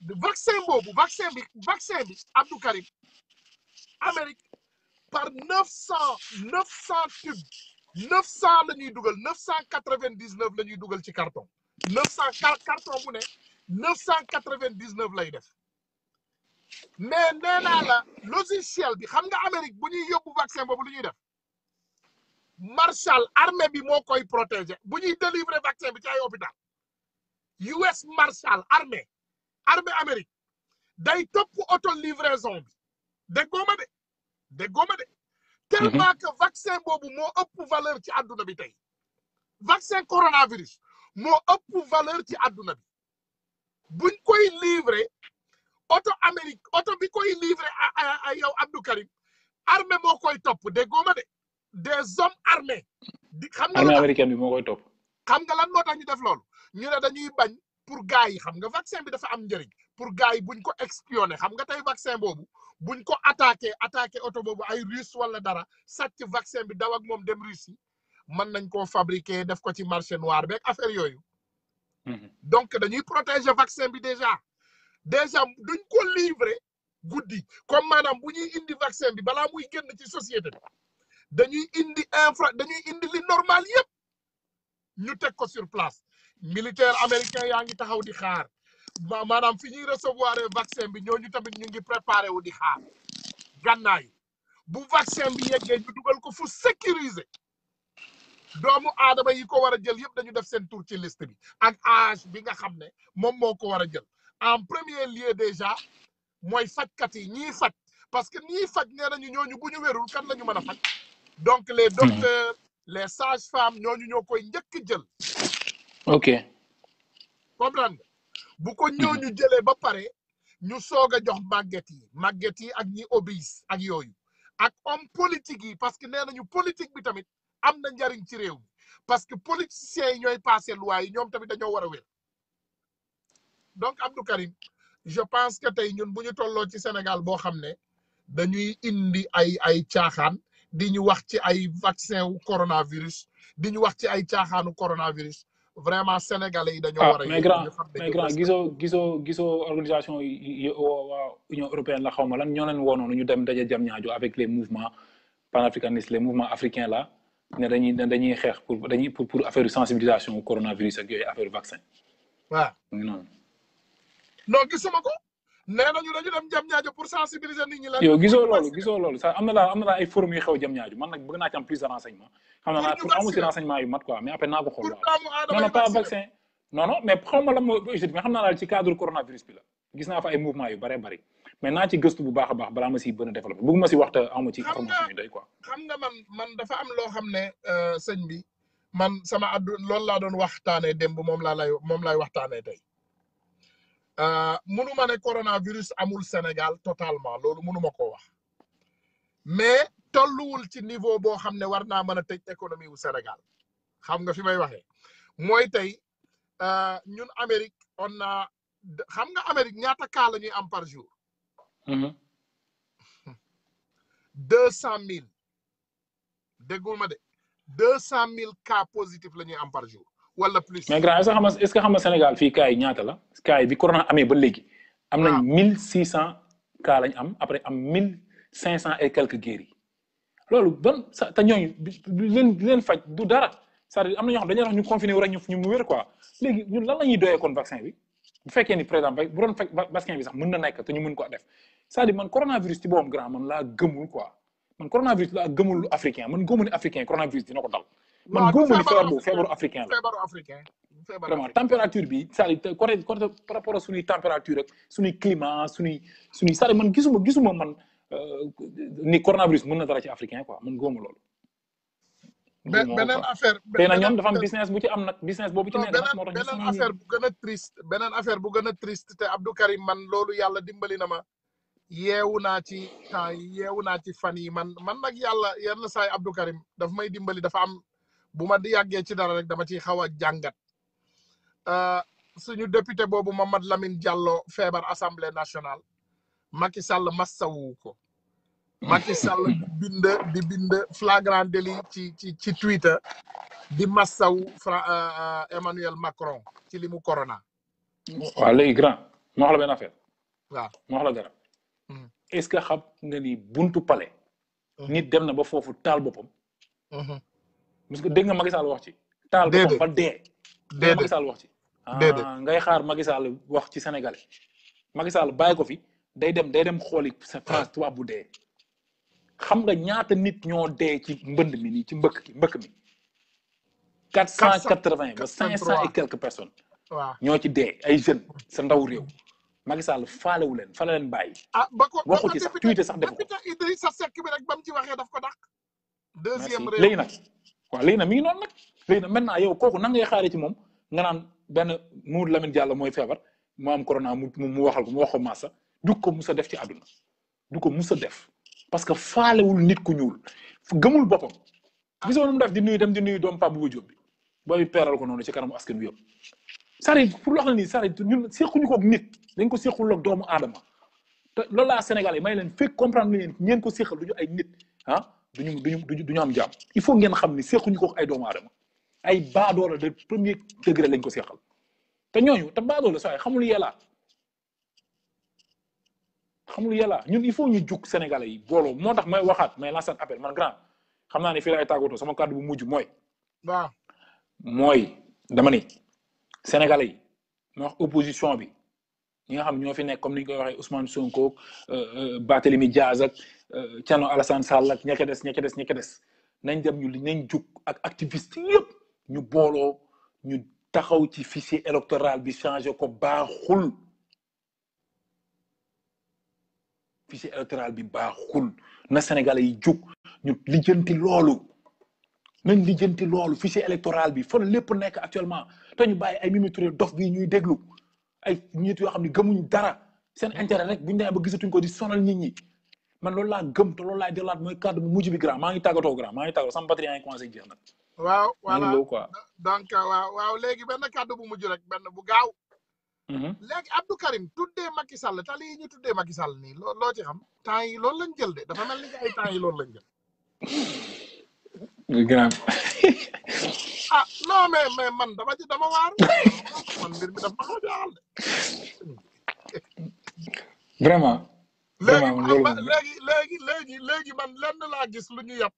de vaccin bobu vaccin bi vaccin bi Abdou Karim Amérique par 900 900 tubes 900 lañuy duggal 999 lañuy duggal ci carton 900 carton bu ne 999 lay def mais néna la logiciel bi xam nga Amérique bu yobu vaccin bobu le ñuy def Marshall armée bi moo koy protéger bu ñuy délivrer vaccin bi ci ay hôpital US Marshall armée armée Amérique day pour auto livraison bi déggoo ma de déggoo ma mhm. tellement que vaccin boobu moo ëpp valeur ci àdduna bi tey vaccin coronavirus moo pour valeur ci àdduna bi buñ koy livré auto Amérique auto bi koy livré a yow Abdou Karim armée mon koy top. déggoo ma des hommes armés di xam nga armée américaine bi moo koy topp xam nga lan moo tax ñu def loolu ñu ne dañuy bañ pour gars yi xam nga vaccin bi dafa am pour gars yi buñ ko expioné xam nga tay vaccin bobu buñ ko attaquer attaquer ay russe wala dara vaccin bi daw ak dem Russie nañ fabriquer def ko marché noir affaire mhm. donc dañuy protéger vaccin bi déjà déjà duñ ko livrer comme indi vaccin bi muy ci société dañuy indi dañuy normal yépp ñu sur place. militaire américain yaa ngi taxaw di xaar maanaam fi ñuy recevoir vaccin bi ñooñu tamit ñu ngi préparé wu di xaar gànnaay bu vaccin bi yeggee ñu dugal ko fu sécurisé doomu aadama yi ko war a jël yëpp dañu def seen tour ci liste bi ak âge bi nga xam ne moom moo ko war a jël en premier lieu déjà mooy fajkat yi ñiy faj parce que ñiy faj nee nañu ñooñu bu ñu wérul kan la ñu mën a faj donc les hmm. docteurs les sages-femmes ñooñu ñoo koy njëkk jël ok comprendre bu ko ñu jëlee ba pare ñu soog a jox màgget yi màgget yi ak ñi obéis ak yooyu ak homme politique yi parce que nee nañu politique bi tamit am na njariñ ci réew mi parce que politiciens yi ñooy passé loi ñoom tamit dañoo war a wér donc Abdou Karim je pense que tey ñun bu ñu tolloo ci Sénégal boo xam ne dañuy indi ay ay caaxaan di ñu wax ci ay vaccin wu coronavirus di ñu wax ci ay caaxaanu coronavirus vraiment sénégalais yi dañoo ah, war a. mais grand mais grand gisoo gisoo gisoo organisation yi waa Union européenne la xaw ma lan ñoo leen woonoon ñu dem daje jam ñaajo avec les mouvements panafricanistes les mouvements africains là ne dañuy dañuy xeex pour dañuy pour pour affaire sensibilisation coronavirus ak yooyu affaire vaccin. waaw non ko. nee nañu dañu dem jam ñaajo pour sensibiliser nit ñi la yow gisoo loolu gisoo loolu sax am na daal am na daal ay forum yu xew jam ñaajo man nag bëgg naa ci am plus de renseignement xam na naa pour amu si renseignement yu mat quoi mais après naa ko xool non non pas vaccin non non mais xaw ma la mo étude mais xam naa daal ci cadre coronavirus bi la gis naa fa ay mouvement yu bare bari mais naa ci gëstu bu baax a baax balaa ma si bëgg a développé bëgg ma si waxta amu ci information yi doy quoi xam nga man man dafa am loo xam ne euh, sëñ bi man sama addu loolu laa doon waxtaanee démb moom laa lay moom laay waxtaanee tey Euh, mënuma ne coronavirus amul Sénégal totalement loolu mënuma ko wax mais tolluwul ci niveau boo xam ne war naa mën a tëj économie wu Sénégal xam nga fi may waxee mooy tey euh, ñun Amérique on na xam nga Amérique ñaata cas la ñuy am par jour. Mm-hmm. deux cent mille dégguma de deux cent mille cas positifs la ñuy am par jour. wala plus. mais grand est ce que xam nga Sénégal fii cas ñaata la cas yi bi corona amee ba léegi. am nañ ah. mille six cent cas lañ am après am mille cinq cent et quelques guéris loolu ban sa te ñooñu leen leen faj du dara c'est-à-dire am na ñoo xam dañuy wax ñu confiné wu rek ñu ñu wér quoi léegi ñun lan la ñuy doyee kon vaccin bi bu fekkee ni par exemple bu doon vaccin bi sax mën na nekk te ñu mën ko def c'est-à-dire man coronavirus ci boobam grand man laa gëmul quoi. man coronavirus la gëmul africain man gëmul africain coronavirus dina ko dal. man gëmul feebar boobu feebaru africain la feebaru africain. vraiment bi c'est-à-dire côté côté par rapport ak suñuy température rek suñuy climat suñuy suñuy c'est-à-dire man gisuma gisuma man euh, ni coronavirus mën na dara ci africain quoi man gëmuma loolu. beneen affaire bu ci am a te Abdou Karim man loolu yàlla dimbali na ma yeewu naa ci temps yi yeewu naa ci fan yi man man nag yàlla yenn saay Abdou dafa may dimbali dafa am bu mat di yàggee ci dara rek dama ci xaw a jàngat euh, suñu député boobu Mamadou Lamine Diallo feebar assemblée nationale Macky Sall massawu ko. Macky Sall bind di bind flagrant délit ci ci ci Twitter di massawu euh, euh, Emmanuel Macron ci limu mu corona. waaw grand ma wax la benn affaire. Mm-hmm. est-ce que xam nga ni buntu pale mm-hmm. nit dem na ba foofu taal boppam. Mm-hmm. parce que dégg nga Macky Sall wax ci. taal boppam ba dee. déedéet Macky wax ci. déedéet ah, ngay xaar Macky wax ci sénégalais. Macky Sall bàyyi ko fi day dem day dem xooli sa France tubaab bu dee. xam nga ñaata nit ñoo dee ci mbënd mi nii ci mbëkk mbëkk mi. quatre cent quatre-vingt ba cinq cent et quelques personnes. ñoo ci dee ay jeunes sa ndaw réew. Macky Sall faalewu leen fa la leen bàyyi. ah ba ko sax tuuti sax def ko Idrissa Seck bi rek ba mu ci waxee daf ko dàq. deuxième réew léegi nag waaw léegi nag mi ngi noonu nag léegi maintenant yow kooku nan ngay xaaree ci moom nga naan benn Mamadou Lamine Diallo mooy feebar mu am corona mu mu waxal ko mu wax ko Massa du ko mus a def ci àdduna du ko mus def parce que faalewul nit ku ñuul gëmul boppam. gisoo nu mu def di nuyu dem di nuyu doom Pape Bouba Diop bi booy peeral ko noonu ci kanamu asken wi yëpp cest à pour loxo xam ne nii c'est-à-dire nit dañ ko sequl ak doomu aadama te loolu laa Sénégal yi may leen fekk comprendre leen ñeen ko seqal du ay nit ah duñu ñu duñu am jàmm il faut ngeen xam ni sequñu koog ay doomu adama ay baa baadoola de premier degré lañ ko seqal te ñooñu te baadoola saa yi xamul yàlla xamul yàlla ñun il faut ñu jug Sénégalais yi boolo moo tax may waxaat may lancer appel man grand xam naa ne fii laay tàggatoo sama kàddu bu mujj mooy. waaw mooy sénégalais yi ma wax opposition bi ñi nga xam ñoo fi nekk comme ni ñu koy waxee Ousmane Sonko euh, euh, Barthélemy Diaz ak euh, Thierno Alassane Sall ak ña ca des ña ca des ña ca des nañ dem ñu nañ jug ak activiste yëpp ñu booloo ñu taxaw ci fichier électoral bi changé ko baaxul fichier électoral bi baaxul na sénégalais yi jug ñu lijjanti loolu. nañ lijjanti loolu fichier électoral bi fan lépp nekk actuellement te ñu bàyyi ay Mimi Touré dof bi ñuy déglu ay nit yoo xam ne gëmuñ dara seen intérêt rek bu ñu demee ba gisatuñ ko di sonal nit ñi man loolu laa gëm te loolu laay déglaat mooy cadre bu mujj bi grand maa ngi tàggatoo grand maa ngi tàggatoo sama batterie ay conseil jeex nag. waaw voilà donc euh, waaw waaw léegi benn cadre bu mujj rek na bu gaaw. Mhm. léegi Abdou Karim tuddee Macky Sall tali yi ñu tuddee Macky Sall nii loo loo ci xam temps yi loolu lañ jël de dafa mel ni ay temps loolu lañ jël. grand. ah non mais mais man dama ci dama waar man mbir mi dafa ma jaaxal de. vraiment. vraiment ah, léegi léegi léegi léegi man lenn laa gis lu ñu yab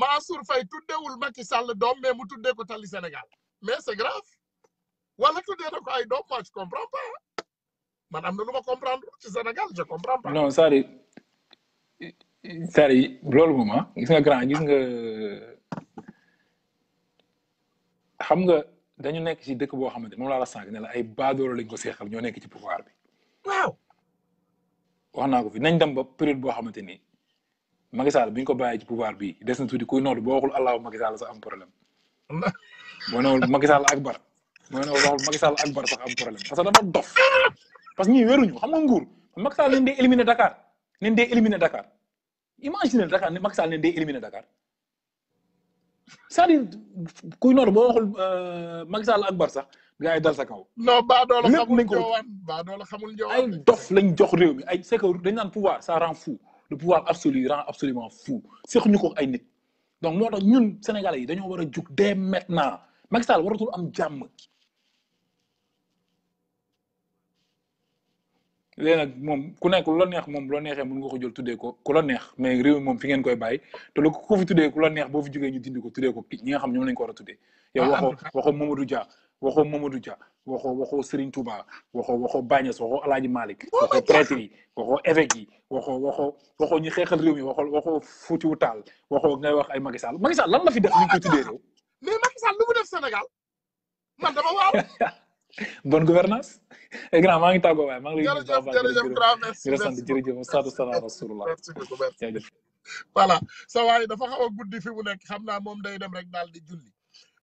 Mansour Faye tuddewul Macky Sall doom mais mu tuddee ko Tali Sénégal mais c'est grave wala tuddee na ko ay doom moi je comprends pas man lu ma comprendre ci Sénégal je comprends pas. non cest cest loolu moom ah gis nga grand gis nga xam nga dañu nekk ci dëkk boo xamante moom laa la sànq ne la ay baadoolo lañ ko seexal ñoo nekk ci pouvoir bi waaw wax naa ko fi nañ dem ba période boo xamante ni Macky Sall bi ko bàyyee ci pouvoir bi des na tuuti kuy nootu boo waxul allahu Macky Sall sax am problème boo newul Macky Sall akbar boo newul waxul Macky Sall akbar sax am problème parce que dafa dof parce que ñii xam nga nguur Macky Sall leen dee éliminer Dakar Dakar imaginer Dakar ne Macky Sall ne day éliminer Dakar cest à kuy noor boo waxul euh, Macky Sall ak Bar sax gars yi dal sa kaw. non Badola xamul Ndiowaan Badola xamul Ndiowaan ay dof lañ jox réew mi ay c'est que dañ naan pouvoir ça rend fou le pouvoir absolu rend absolument fou seq ñu ko ay nit donc moo tax ñun Sénégalais yi dañoo war a jug dès maintenant Macky am jàmm. léegi nag moom ku nekk lu neex moom bu la neexee mën nga ko jël tuddee ko ku la neex mais réew moom fi ngeen koy bàyyi te lu ko fi tuddee ku la neex boo fi jógee ñu dindi ko tuddee ko nga xam ñoom lañ ko war a tuddee ah, yow waxoo waxoo Mamadou Dia waxoo Mamadou Dia waxoo waxoo Serigne Touba waxoo waxoo Bagnès waxoo Alaaji Malick waxoo prêtre yi yi waxoo waxoo waxoo ñu xeexal réew mi waxoo waxoo Foutiou Tall waxoo wax ay Macky Sall Macky Sall lan la fi def ñu ko tuddee réew mais Macky Sall lu mu bonne gouvernance et eh, grand maa ngi tàggoo waaye maa ngi lay. jërëjëf jërëjëf Dramé merci merci jërëjëf Sadou Salah rasulullah voilà sa waay dafa xaw a guddi fi mu nekk xam naa moom day dem rek daal di julli.